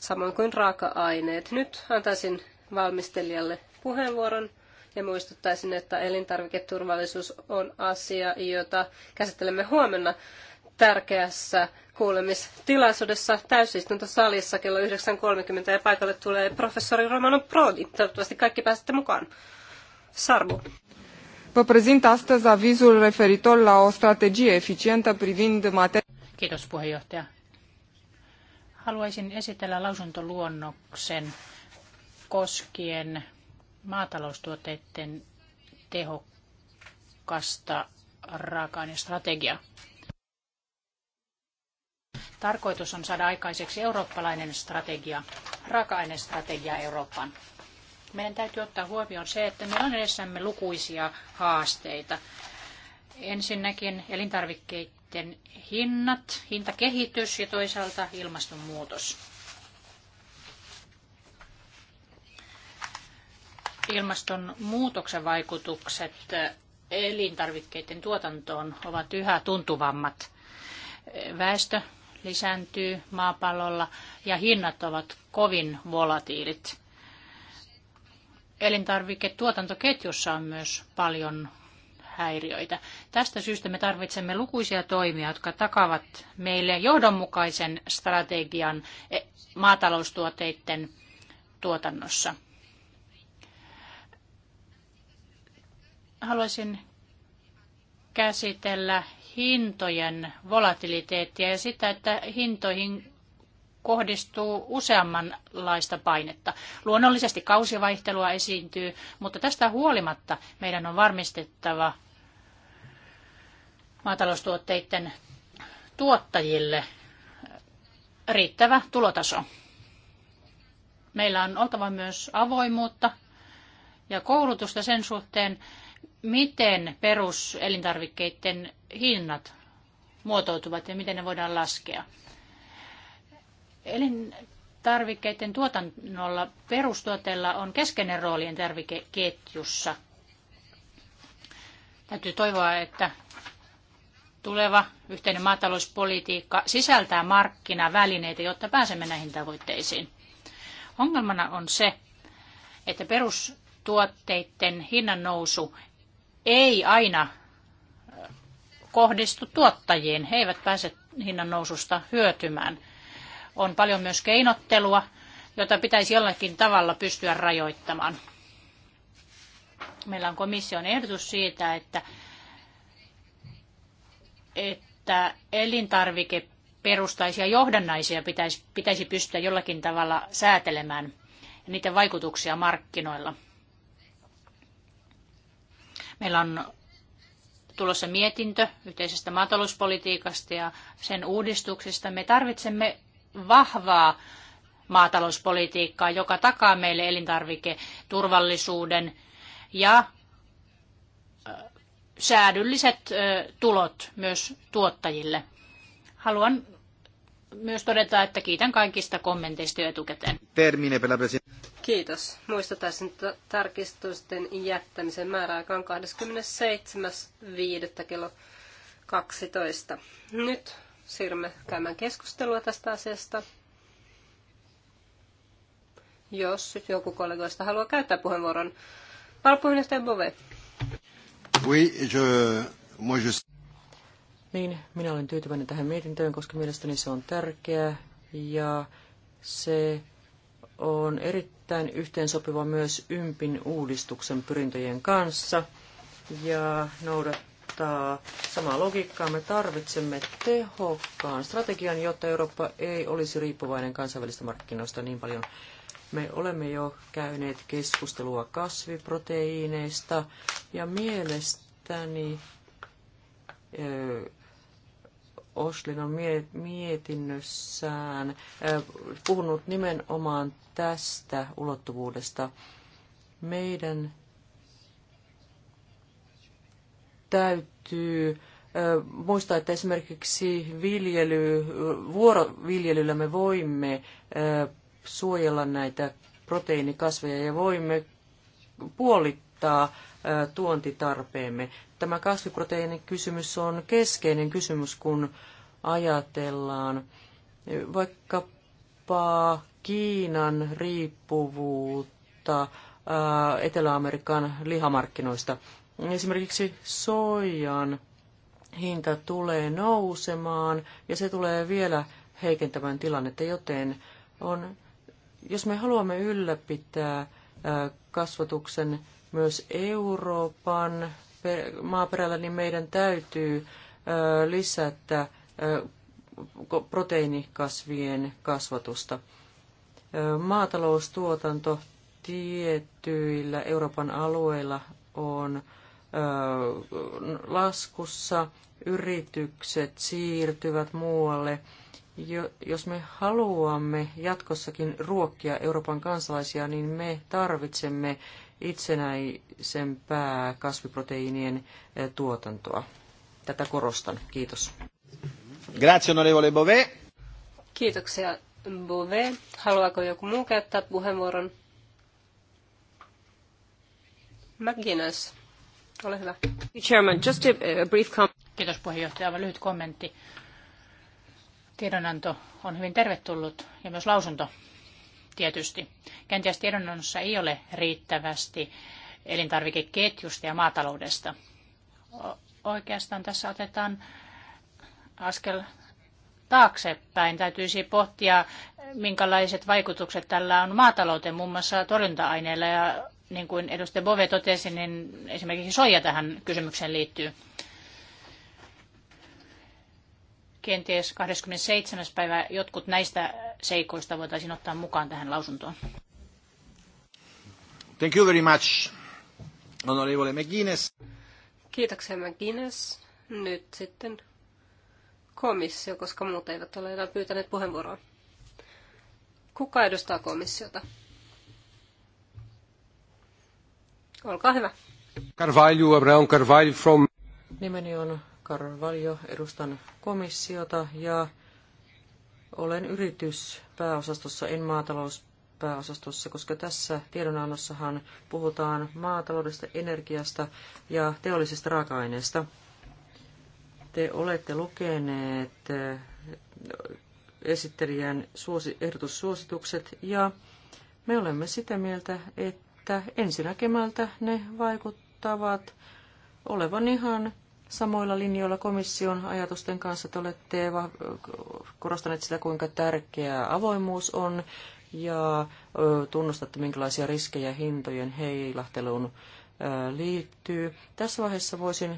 samoin kuin raaka-aineet. Nyt antaisin valmistelijalle puheenvuoron ja muistuttaisin, että elintarviketurvallisuus on asia, jota käsittelemme huomenna tärkeässä kuulemistilaisuudessa täysistuntosalissa kello 9.30 ja paikalle tulee professori Romano Prodi. Toivottavasti kaikki pääsette mukaan. Sarbu.
Vă prezint astăzi avizul referitor la o strategie eficientă privind materia.
Kiitos
puheenjohtaja. Haluaisin esitellä lausuntoluonnoksen koskien maataloustuotteiden tehokasta raaka strategia. Tarkoitus on saada aikaiseksi eurooppalainen strategia, raaka-ainestrategia Eurooppaan. Meidän täytyy ottaa huomioon se, että meillä on edessämme lukuisia haasteita. Ensinnäkin elintarvikkeiden hinnat, hintakehitys ja toisaalta ilmastonmuutos. ilmastonmuutoksen vaikutukset elintarvikkeiden tuotantoon ovat yhä tuntuvammat. Väestö lisääntyy maapallolla ja hinnat ovat kovin volatiilit. Elintarviketuotantoketjussa on myös paljon häiriöitä. Tästä syystä me tarvitsemme lukuisia toimia, jotka takavat meille johdonmukaisen strategian eh, maataloustuotteiden tuotannossa – Haluaisin käsitellä hintojen volatiliteettia ja sitä, että hintoihin kohdistuu useammanlaista painetta. Luonnollisesti kausivaihtelua esiintyy, mutta tästä huolimatta meidän on varmistettava maataloustuotteiden tuottajille riittävä tulotaso. Meillä on oltava myös avoimuutta ja koulutusta sen suhteen, miten peruselintarvikkeiden hinnat muotoutuvat ja miten ne voidaan laskea. Elintarvikkeiden tuotannolla perustuotteella on keskeinen rooli elintarvikeketjussa. Täytyy toivoa, että tuleva yhteinen maatalouspolitiikka sisältää markkinavälineitä, jotta pääsemme näihin tavoitteisiin. Ongelmana on se, että perustuotteiden hinnan nousu ei aina äh, kohdistu tuottajiin. He eivät pääse hinnan noususta hyötymään. On paljon myös keinottelua, jota pitäisi jollakin tavalla pystyä rajoittamaan. Meillä on komission ehdotus siitä, että, että elintarvikeperustaisia johdannaisia pitäisi, pitäisi pystyä jollakin tavalla säätelemään ja niiden vaikutuksia markkinoilla – Meillä on tulossa mietintö yhteisestä maatalouspolitiikasta ja sen uudistuksista. Me tarvitsemme vahvaa maatalouspolitiikkaa, joka takaa meille elintarviketurvallisuuden ja säädylliset tulot myös tuottajille. Haluan
myös todeta, että kiitän kaikista kommenteista jo etukäteen. Kiitos. Muistutaisin tarkistusten jättämisen määräaikaan 27.5. kello 12. Nyt siirrymme käymään keskustelua tästä asiasta. Jos nyt joku kollegoista haluaa käyttää puheenvuoron. Valpuheenjohtaja Bove. Oui, je, moi je...
Niin, minä olen tyytyväinen tähän mietintöön, koska mielestäni se on tärkeä ja se on erittäin erittäin yhteensopiva myös ympin uudistuksen pyrintöjen kanssa ja noudattaa samaa logiikkaa. Me tarvitsemme tehokkaan strategian, jotta Eurooppa ei olisi riippuvainen kansainvälistä markkinoista niin paljon. Me olemme jo käyneet keskustelua kasviproteiineista ja mielestäni Oslin on mietinnössään puhunut nimenomaan tästä ulottuvuudesta. Meidän täytyy muistaa, että esimerkiksi viljely, vuoroviljelyllä me voimme suojella näitä proteiinikasveja ja voimme puolittaa tuontitarpeemme. Tämä kasviproteiinikysymys on keskeinen kysymys, kun ajatellaan vaikkapa Kiinan riippuvuutta Etelä-Amerikan lihamarkkinoista. Esimerkiksi soijan hinta tulee nousemaan ja se tulee vielä heikentämään tilannetta, joten on, jos me haluamme ylläpitää kasvatuksen myös Euroopan maaperällä, niin meidän täytyy lisätä proteiinikasvien kasvatusta. Maataloustuotanto tiettyillä Euroopan alueilla on laskussa, yritykset siirtyvät muualle. Jos me haluamme jatkossakin ruokkia Euroopan kansalaisia, niin me tarvitsemme itsenäisempää kasviproteiinien eh, tuotantoa. Tätä korostan. Kiitos. Grazie, onorevole
Bove. Kiitoksia, Bove. Haluaako joku muu käyttää puheenvuoron? McGuinness, ole hyvä. Chairman, just a brief comment. Kiitos puheenjohtaja. Aivan lyhyt kommentti.
Tiedonanto on hyvin tervetullut ja myös lausunto tietysti. Kenties tiedonannossa ei ole riittävästi elintarvikeketjusta ja maataloudesta. Oikeastaan tässä otetaan askel taaksepäin. Täytyisi pohtia, minkälaiset vaikutukset tällä on maatalouteen, muun muassa torjunta-aineilla. Ja niin kuin edustaja Bove totesi, niin esimerkiksi soija tähän kysymykseen liittyy. Kenties 27. päivä jotkut näistä seikoista voitaisiin ottaa mukaan tähän lausuntoon.
Thank you very much, onorevole McGuinness.
Kiitoksia McGuinness. Nyt sitten komissio, koska muut eivät ole enää pyytäneet puheenvuoroa. Kuka edustaa komissiota? Olkaa hyvä. Carvalho, Abraham Carvalho from...
Nimeni on Carvalho, edustan komissiota ja olen yrityspääosastossa, en maatalouspääosastossa, koska tässä tiedonannossahan puhutaan maataloudesta, energiasta ja teollisesta raaka aineesta Te olette lukeneet eh, esittelijän suosi, ehdotussuositukset ja me olemme sitä mieltä, että ensinäkemältä ne vaikuttavat olevan ihan samoilla linjoilla komission ajatusten kanssa. Te olette korostaneet sitä, kuinka tärkeää avoimuus on ja tunnustatte, minkälaisia riskejä hintojen heilahteluun liittyy. Tässä vaiheessa voisin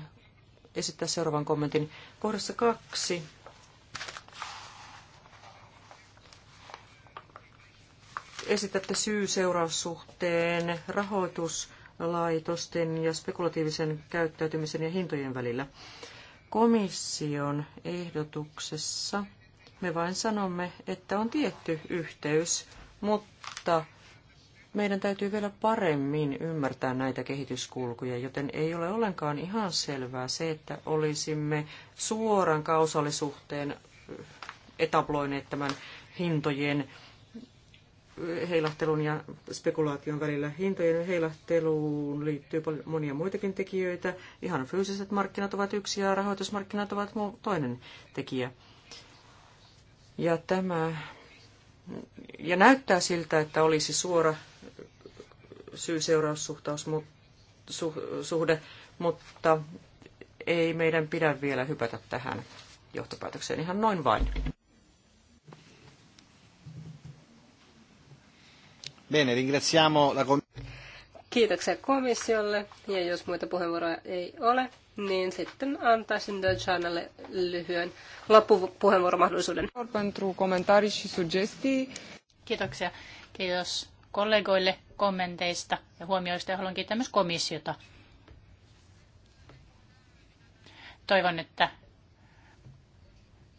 esittää seuraavan kommentin. Kohdassa kaksi. Esitätte syy-seuraussuhteen rahoitus laitosten ja spekulatiivisen käyttäytymisen ja hintojen välillä. Komission ehdotuksessa me vain sanomme, että on tietty yhteys, mutta meidän täytyy vielä paremmin ymmärtää näitä kehityskulkuja, joten ei ole ollenkaan ihan selvää se, että olisimme suoran kausaalisuhteen etabloineet tämän hintojen heilahtelun ja spekulaation välillä. Hintojen heilahteluun liittyy monia muitakin tekijöitä. Ihan fyysiset markkinat ovat yksi ja rahoitusmarkkinat ovat toinen tekijä. Ja, tämä, ja näyttää siltä, että olisi suora syy-seuraussuhde, mutta ei meidän pidä vielä hypätä tähän johtopäätökseen ihan noin vain.
Bene,
ringraziamo la
Kiitoksia komissiolle, ja jos muita puheenvuoroja ei ole, niin sitten antaisin Dojanalle lyhyen loppupuheenvuoromahdollisuuden. Kiitoksia. Kiitos kollegoille
kommenteista ja huomioista, ja haluan kiittää myös komissiota. Toivon, että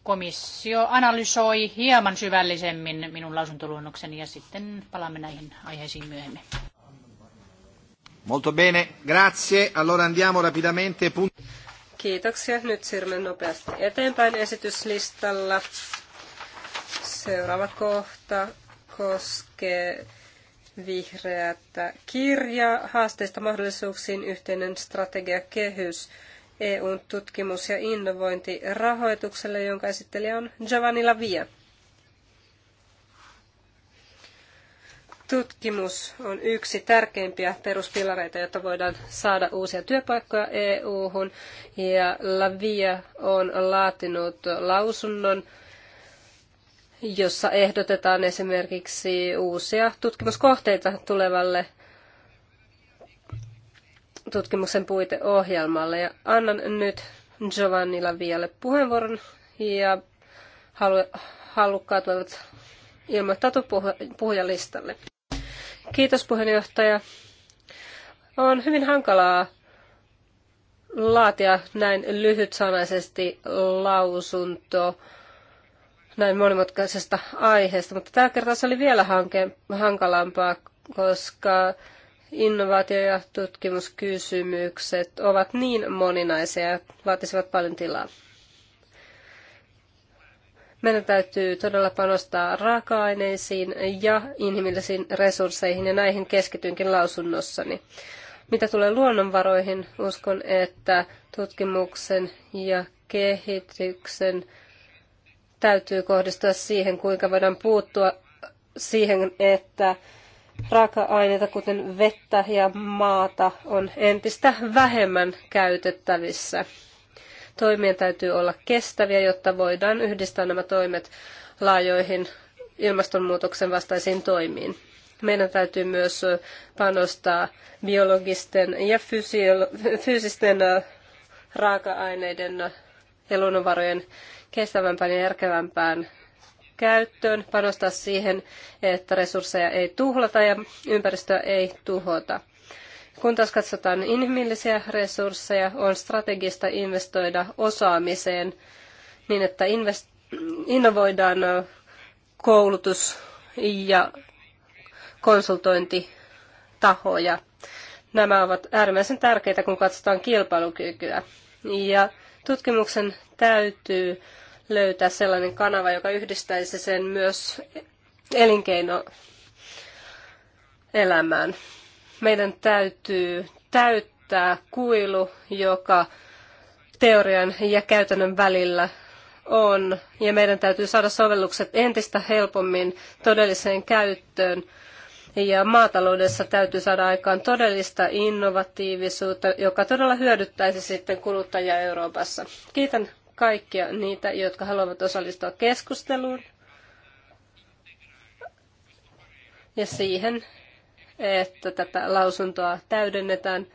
komissio analysoi hieman syvällisemmin minun lausuntoluonnokseni ja sitten palaamme näihin aiheisiin myöhemmin. Molto bene, grazie. Allora andiamo rapidamente.
Kiitoksia. Nyt siirrymme nopeasti eteenpäin esityslistalla. Seuraava kohta koskee vihreätä kirjaa haasteista mahdollisuuksiin yhteinen strategiakehys. kehys EUn tutkimus- ja innovointirahoitukselle, jonka esittelijä on Giovanni Lavia. Tutkimus on yksi tärkeimpiä peruspilareita, jotta voidaan saada uusia työpaikkoja EU-hun. Ja Lavia on laatinut lausunnon, jossa ehdotetaan esimerkiksi uusia tutkimuskohteita tulevalle tutkimuksen puiteohjelmalle. Ja annan nyt Giovannilla vielä puheenvuoron ja halu- halukkaat voivat ilmoittautua puh- puhujalistalle. Kiitos puheenjohtaja. On hyvin hankalaa laatia näin lyhytsanaisesti lausunto näin monimutkaisesta aiheesta, mutta tällä kertaa se oli vielä hankalampaa, koska innovaatio- ja tutkimuskysymykset ovat niin moninaisia ja vaatisivat paljon tilaa. Meidän täytyy todella panostaa raaka-aineisiin ja inhimillisiin resursseihin, ja näihin keskitynkin lausunnossani. Mitä tulee luonnonvaroihin, uskon, että tutkimuksen ja kehityksen täytyy kohdistua siihen, kuinka voidaan puuttua siihen, että raaka-aineita, kuten vettä ja maata, on entistä vähemmän käytettävissä. Toimien täytyy olla kestäviä, jotta voidaan yhdistää nämä toimet laajoihin ilmastonmuutoksen vastaisiin toimiin. Meidän täytyy myös panostaa biologisten ja fyysisten raaka-aineiden ja luonnonvarojen kestävämpään ja järkevämpään käyttöön, panostaa siihen, että resursseja ei tuhlata ja ympäristöä ei tuhota. Kun taas katsotaan inhimillisiä resursseja, on strategista investoida osaamiseen niin, että invest- innovoidaan koulutus- ja konsultointitahoja. Nämä ovat äärimmäisen tärkeitä, kun katsotaan kilpailukykyä. Ja tutkimuksen täytyy löytää sellainen kanava, joka yhdistäisi sen myös elinkeinoelämään. Meidän täytyy täyttää kuilu, joka teorian ja käytännön välillä on, ja meidän täytyy saada sovellukset entistä helpommin todelliseen käyttöön. Ja maataloudessa täytyy saada aikaan todellista innovatiivisuutta, joka todella hyödyttäisi sitten kuluttajia Euroopassa. Kiitän kaikkia niitä, jotka haluavat osallistua keskusteluun ja siihen, että tätä lausuntoa täydennetään,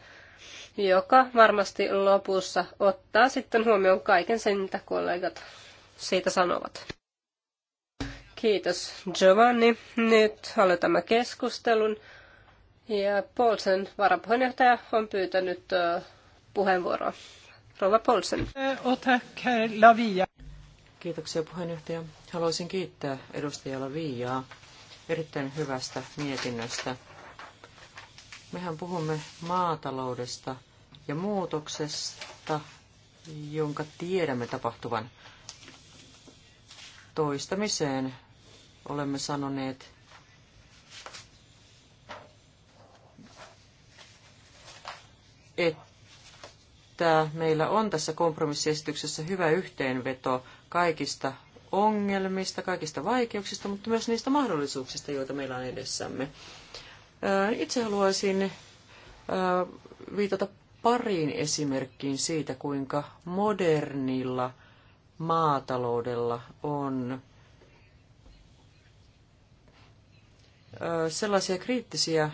joka varmasti lopussa ottaa sitten huomioon kaiken sen, mitä kollegat siitä sanovat. Kiitos Giovanni. Nyt aloitamme keskustelun. Ja Paulsen varapuheenjohtaja on pyytänyt puheenvuoroa. Rova
Polsen. Eh, Kiitoksia puheenjohtaja. Haluaisin kiittää edustaja Laviaa erittäin hyvästä mietinnöstä. Mehän puhumme maataloudesta ja muutoksesta, jonka tiedämme tapahtuvan toistamiseen. Olemme sanoneet että että meillä on tässä kompromissiesityksessä hyvä yhteenveto kaikista ongelmista, kaikista vaikeuksista, mutta myös niistä mahdollisuuksista, joita meillä on edessämme. Itse haluaisin viitata pariin esimerkkiin siitä, kuinka modernilla maataloudella on sellaisia kriittisiä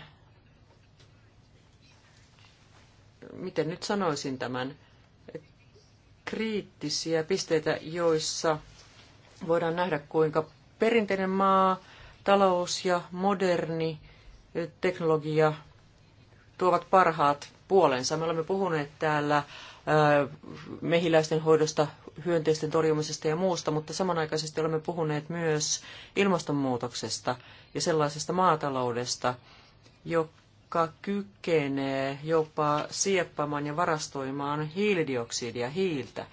miten nyt sanoisin tämän, kriittisiä pisteitä, joissa voidaan nähdä, kuinka perinteinen maa, talous ja moderni teknologia tuovat parhaat puolensa. Me olemme puhuneet täällä mehiläisten hoidosta, hyönteisten torjumisesta ja muusta, mutta samanaikaisesti olemme puhuneet myös ilmastonmuutoksesta ja sellaisesta maataloudesta, joka joka kykenee jopa sieppamaan ja varastoimaan hiilidioksidia hiiltä.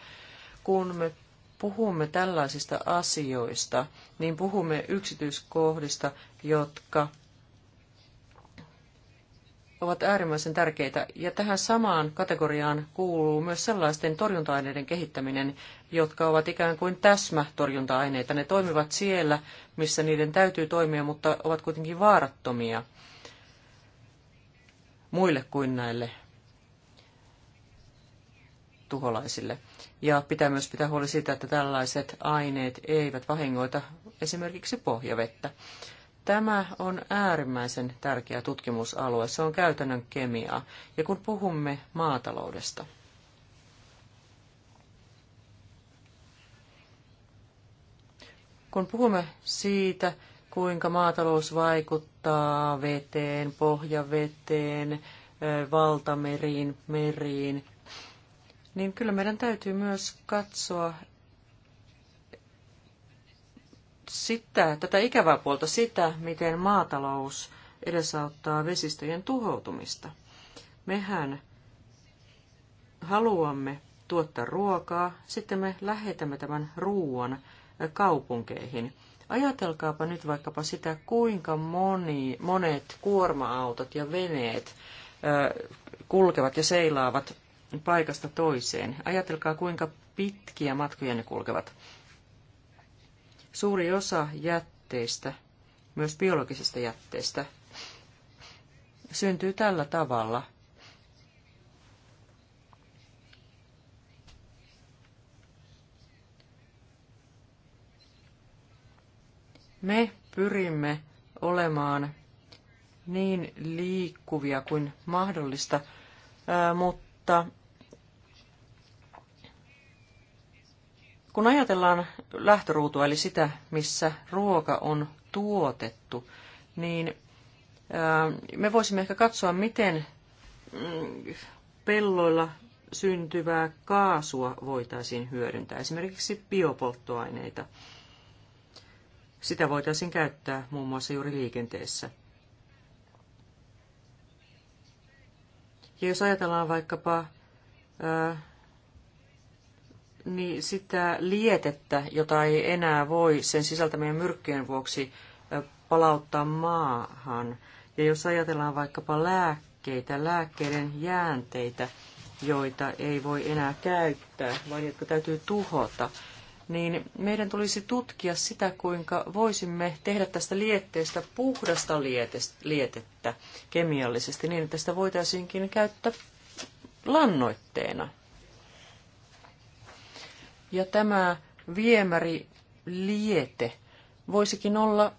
Kun me puhumme tällaisista asioista, niin puhumme yksityiskohdista, jotka ovat äärimmäisen tärkeitä. Ja tähän samaan kategoriaan kuuluu myös sellaisten torjunta-aineiden kehittäminen, jotka ovat ikään kuin täsmätorjunta-aineita. Ne toimivat siellä, missä niiden täytyy toimia, mutta ovat kuitenkin vaarattomia muille kuin näille tuholaisille. Ja pitää myös pitää huoli siitä, että tällaiset aineet eivät vahingoita esimerkiksi pohjavettä. Tämä on äärimmäisen tärkeä tutkimusalue. Se on käytännön kemiaa. Ja kun puhumme maataloudesta, kun puhumme siitä, kuinka maatalous vaikuttaa veteen, pohjaveteen, valtameriin, meriin, niin kyllä meidän täytyy myös katsoa sitä, tätä ikävää puolta, sitä, miten maatalous edesauttaa vesistöjen tuhoutumista. Mehän haluamme tuottaa ruokaa, sitten me lähetämme tämän ruoan kaupunkeihin – Ajatelkaapa nyt vaikkapa sitä, kuinka moni, monet kuorma-autot ja veneet ö, kulkevat ja seilaavat paikasta toiseen. Ajatelkaa, kuinka pitkiä matkoja ne kulkevat. Suuri osa jätteistä, myös biologisista jätteistä, syntyy tällä tavalla – Me pyrimme olemaan niin liikkuvia kuin mahdollista, mutta kun ajatellaan lähtöruutua, eli sitä, missä ruoka on tuotettu, niin me voisimme ehkä katsoa, miten mm, pelloilla syntyvää kaasua voitaisiin hyödyntää, esimerkiksi biopolttoaineita. Sitä voitaisiin käyttää muun muassa juuri liikenteessä. Ja jos ajatellaan vaikkapa ää, niin sitä lietettä, jota ei enää voi sen sisältämien myrkkyjen vuoksi palauttaa maahan. Ja jos ajatellaan vaikkapa lääkkeitä, lääkkeiden jäänteitä, joita ei voi enää käyttää, vaan jotka täytyy tuhota, niin meidän tulisi tutkia sitä, kuinka voisimme tehdä tästä lietteestä puhdasta lietettä kemiallisesti niin, että sitä voitaisiinkin käyttää lannoitteena. Ja tämä viemäri liete voisikin olla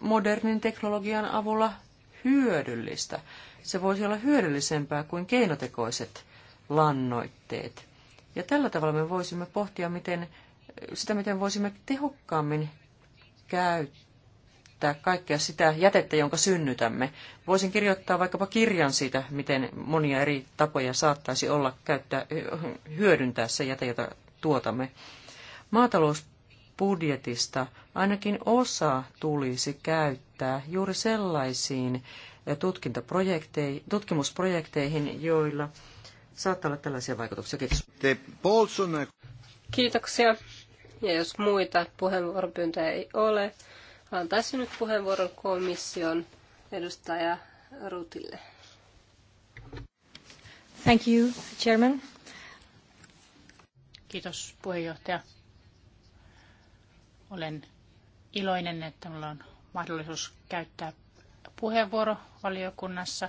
modernin teknologian avulla hyödyllistä. Se voisi olla hyödyllisempää kuin keinotekoiset lannoitteet. Ja tällä tavalla me voisimme pohtia miten, sitä, miten voisimme tehokkaammin käyttää kaikkea sitä jätettä, jonka synnytämme. Voisin kirjoittaa vaikkapa kirjan siitä, miten monia eri tapoja saattaisi olla käyttää, hyödyntää se jäte, jota tuotamme. Maatalousbudjetista ainakin osa tulisi käyttää juuri sellaisiin eh, tutkimusprojekteihin, joilla saattaa olla tällaisia vaikutuksia. Kiitos. Paulson.
Kiitoksia. Ja jos muita puheenvuoropyyntöjä ei ole, antaisin nyt puheenvuoron komission edustaja Rutille. Thank you, Chairman. Kiitos puheenjohtaja.
Olen iloinen, että minulla on mahdollisuus käyttää puheenvuoro valiokunnassa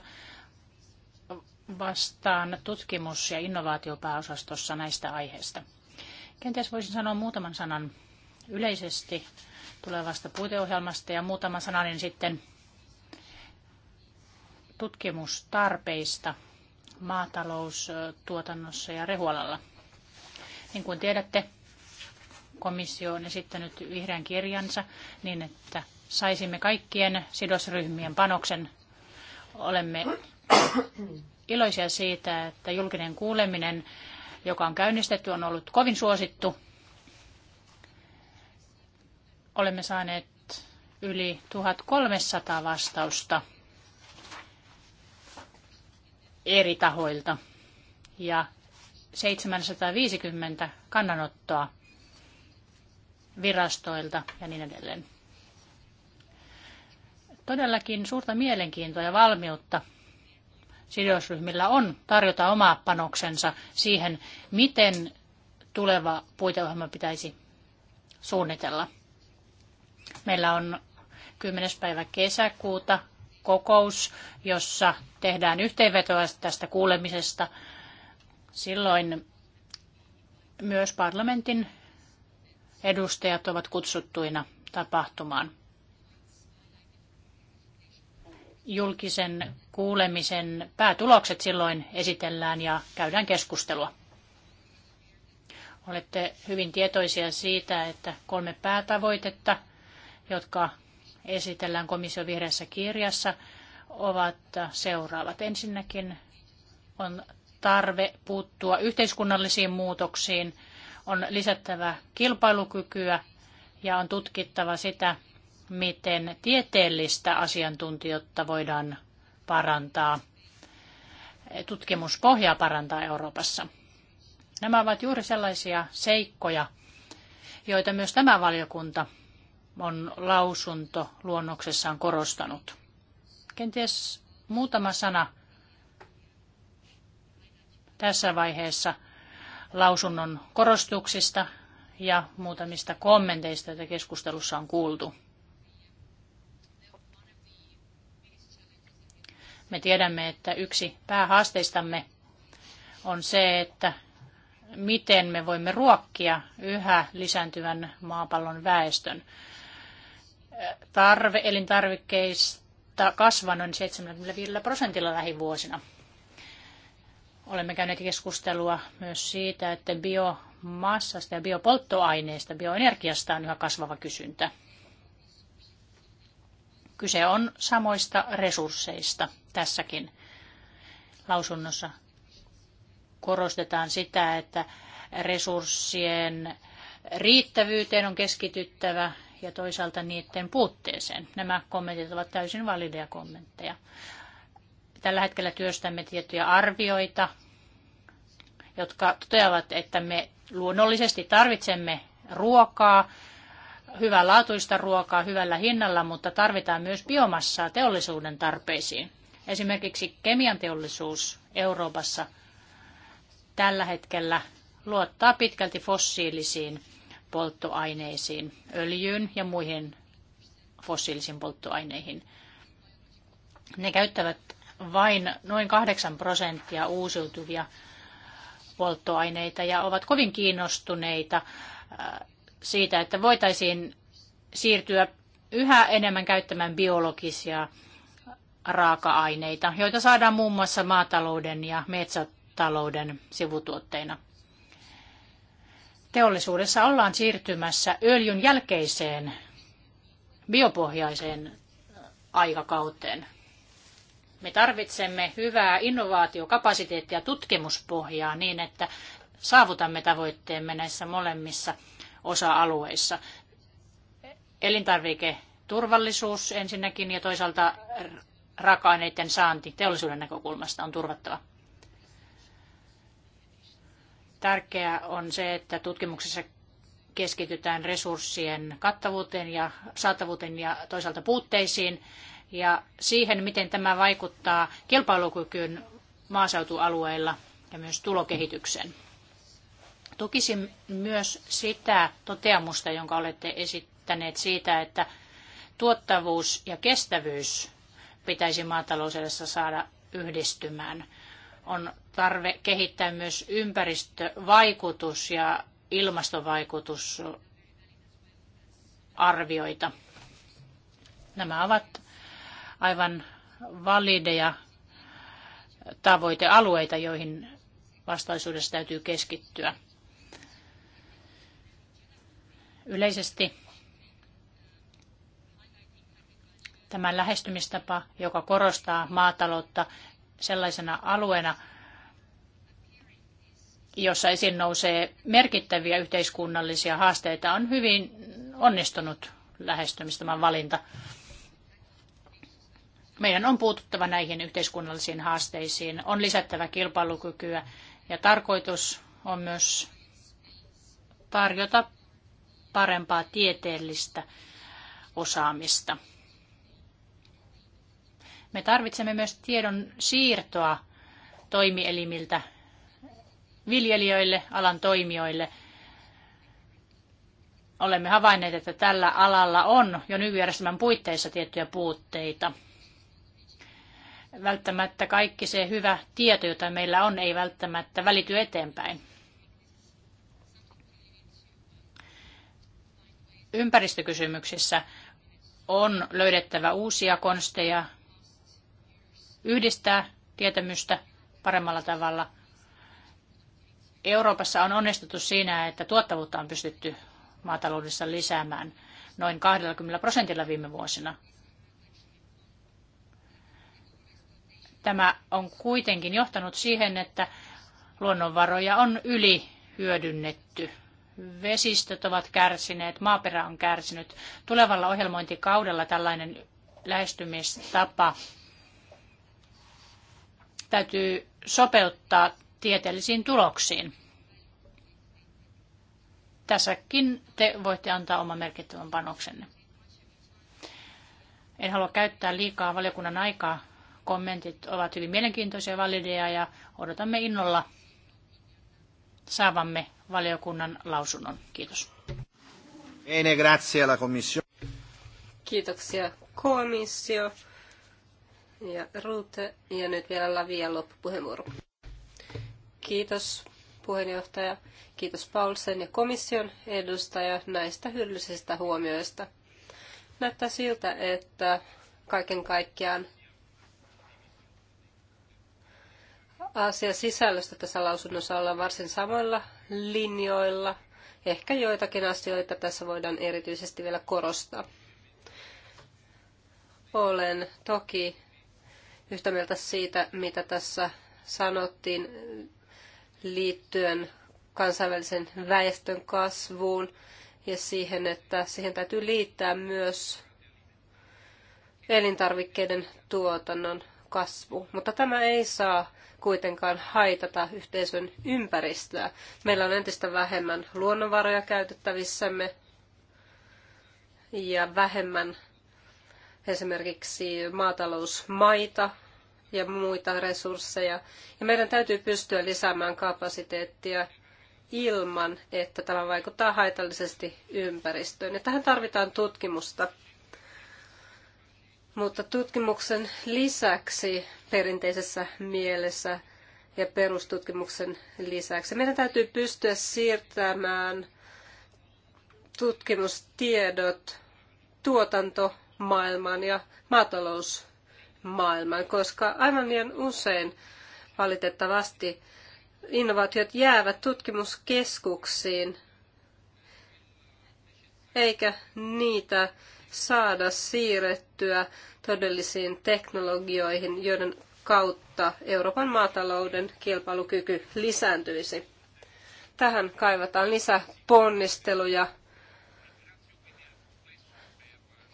vastaan tutkimus- ja innovaatiopääosastossa näistä aiheista. Kenties voisin sanoa muutaman sanan yleisesti tulevasta puiteohjelmasta ja muutaman sananen sitten tutkimustarpeista maataloustuotannossa ja rehualalla. Niin kuin tiedätte, komissio on esittänyt vihreän kirjansa niin, että saisimme kaikkien sidosryhmien panoksen. Olemme iloisia siitä, että julkinen kuuleminen, joka on käynnistetty, on ollut kovin suosittu. Olemme saaneet yli 1300 vastausta eri tahoilta ja 750 kannanottoa virastoilta ja niin edelleen. Todellakin suurta mielenkiintoa ja valmiutta sidosryhmillä on tarjota oma panoksensa siihen, miten tuleva puiteohjelma pitäisi suunnitella. Meillä on 10. päivä kesäkuuta kokous, jossa tehdään yhteenvetoa tästä kuulemisesta. Silloin myös parlamentin edustajat ovat kutsuttuina tapahtumaan. Julkisen kuulemisen päätulokset silloin esitellään ja käydään keskustelua. Olette hyvin tietoisia siitä, että kolme päätavoitetta, jotka esitellään komission vihreässä kirjassa, ovat seuraavat. Ensinnäkin on tarve puuttua yhteiskunnallisiin muutoksiin, on lisättävä kilpailukykyä ja on tutkittava sitä, miten tieteellistä asiantuntijuutta voidaan parantaa, tutkimuspohjaa parantaa Euroopassa. Nämä ovat juuri sellaisia seikkoja, joita myös tämä valiokunta on lausunto luonnoksessaan korostanut. Kenties muutama sana tässä vaiheessa lausunnon korostuksista ja muutamista kommenteista, joita keskustelussa on kuultu. Me tiedämme, että yksi päähaasteistamme on se, että miten me voimme ruokkia yhä lisääntyvän maapallon väestön. Tarve elintarvikkeista kasvaa noin 75 prosentilla lähivuosina. Olemme käyneet keskustelua myös siitä, että biomassasta ja biopolttoaineista, bioenergiasta on yhä kasvava kysyntä. Kyse on samoista resursseista tässäkin lausunnossa. Korostetaan sitä, että resurssien riittävyyteen on keskityttävä ja toisaalta niiden puutteeseen. Nämä kommentit ovat täysin valideja kommentteja. Tällä hetkellä työstämme tiettyjä arvioita, jotka toteavat, että me luonnollisesti tarvitsemme ruokaa, hyvänlaatuista ruokaa hyvällä hinnalla, mutta tarvitaan myös biomassaa teollisuuden tarpeisiin. Esimerkiksi kemian teollisuus Euroopassa tällä hetkellä luottaa pitkälti fossiilisiin polttoaineisiin, öljyyn ja muihin fossiilisiin polttoaineihin. Ne käyttävät vain noin 8 prosenttia uusiutuvia polttoaineita ja ovat kovin kiinnostuneita äh, siitä, että voitaisiin siirtyä yhä enemmän käyttämään biologisia raaka-aineita, joita saadaan muun muassa maatalouden ja metsätalouden sivutuotteina. Teollisuudessa ollaan siirtymässä öljyn jälkeiseen biopohjaiseen aikakauteen. Me tarvitsemme hyvää innovaatiokapasiteettia tutkimuspohjaa niin, että saavutamme tavoitteemme näissä molemmissa osa-alueissa. Elintarviketurvallisuus ensinnäkin ja toisaalta raaka-aineiden saanti teollisuuden näkökulmasta on turvattava. Tärkeää on se, että tutkimuksessa keskitytään resurssien kattavuuteen ja saatavuuteen ja toisaalta puutteisiin ja siihen, miten tämä vaikuttaa kilpailukykyyn maaseutualueilla ja myös tulokehitykseen. Tukisin myös sitä toteamusta, jonka olette esittäneet siitä, että tuottavuus ja kestävyys pitäisi maataloudessa saada yhdistymään. On tarve kehittää myös ympäristövaikutus ja ilmastovaikutusarvioita. Nämä ovat aivan valideja tavoitealueita, joihin vastaisuudessa täytyy keskittyä. Yleisesti tämä lähestymistapa, joka korostaa maataloutta sellaisena alueena, jossa esiin nousee merkittäviä yhteiskunnallisia haasteita, on hyvin onnistunut lähestymistavan valinta. Meidän on puututtava näihin yhteiskunnallisiin haasteisiin, on lisättävä kilpailukykyä ja tarkoitus on myös tarjota parempaa tieteellistä osaamista. Me tarvitsemme myös tiedon siirtoa toimielimiltä viljelijöille, alan toimijoille. Olemme havainneet, että tällä alalla on jo nykyjärjestelmän puitteissa tiettyjä puutteita. Välttämättä kaikki se hyvä tieto, jota meillä on, ei välttämättä välity eteenpäin. ympäristökysymyksissä on löydettävä uusia konsteja yhdistää tietämystä paremmalla tavalla. Euroopassa on onnistuttu siinä, että tuottavuutta on pystytty maataloudessa lisäämään noin 20 prosentilla viime vuosina. Tämä on kuitenkin johtanut siihen, että luonnonvaroja on ylihyödynnetty vesistöt ovat kärsineet, maaperä on kärsinyt. Tulevalla ohjelmointikaudella tällainen lähestymistapa täytyy sopeuttaa tieteellisiin tuloksiin. Tässäkin te voitte antaa oman merkittävän panoksenne. En halua käyttää liikaa valiokunnan aikaa. Kommentit ovat hyvin mielenkiintoisia, valideja ja odotamme innolla saavamme valiokunnan lausunnon. Kiitos. Bene, grazie alla commissione.
Kiitoksia komissio ja Rute ja nyt vielä Lavia loppupuheenvuoro. Kiitos puheenjohtaja, kiitos Paulsen ja komission edustaja näistä hyödyllisistä huomioista. Näyttää siltä, että kaiken kaikkiaan asia sisällöstä tässä lausunnossa ollaan varsin samoilla linjoilla. Ehkä joitakin asioita tässä voidaan erityisesti vielä korostaa. Olen toki yhtä mieltä siitä, mitä tässä sanottiin liittyen kansainvälisen väestön kasvuun ja siihen, että siihen täytyy liittää myös elintarvikkeiden tuotannon kasvu. Mutta tämä ei saa kuitenkaan haitata yhteisön ympäristöä. Meillä on entistä vähemmän luonnonvaroja käytettävissämme ja vähemmän esimerkiksi maatalousmaita ja muita resursseja. Ja meidän täytyy pystyä lisäämään kapasiteettia ilman, että tämä vaikuttaa haitallisesti ympäristöön. Ja tähän tarvitaan tutkimusta. Mutta tutkimuksen lisäksi perinteisessä mielessä ja perustutkimuksen lisäksi meidän täytyy pystyä siirtämään tutkimustiedot tuotantomaailmaan ja maatalousmaailmaan, koska aivan liian usein valitettavasti innovaatiot jäävät tutkimuskeskuksiin, eikä niitä saada siirrettyä todellisiin teknologioihin, joiden kautta Euroopan maatalouden kilpailukyky lisääntyisi. Tähän kaivataan lisäponnisteluja.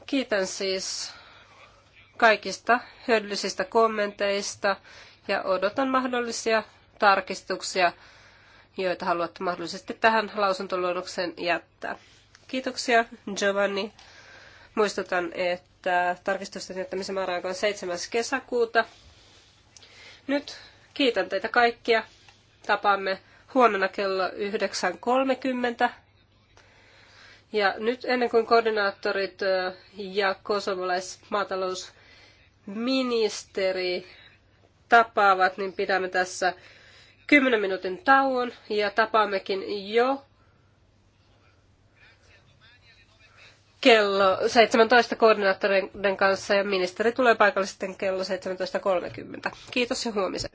Kiitän siis kaikista hyödyllisistä kommenteista ja odotan mahdollisia tarkistuksia, joita haluatte mahdollisesti tähän lausuntoluonnokseen jättää. Kiitoksia Giovanni. Muistutan, että tarkistusten jättämisen määräaika on 7. kesäkuuta. Nyt kiitän teitä kaikkia. Tapaamme huomenna kello 9.30. Ja nyt ennen kuin koordinaattorit ja kosovalaismaatalousministeri tapaavat, niin pidämme tässä 10 minuutin tauon ja tapaammekin jo kello 17 koordinaattoreiden kanssa ja ministeri tulee paikalle sitten kello 17.30. Kiitos ja huomiseen.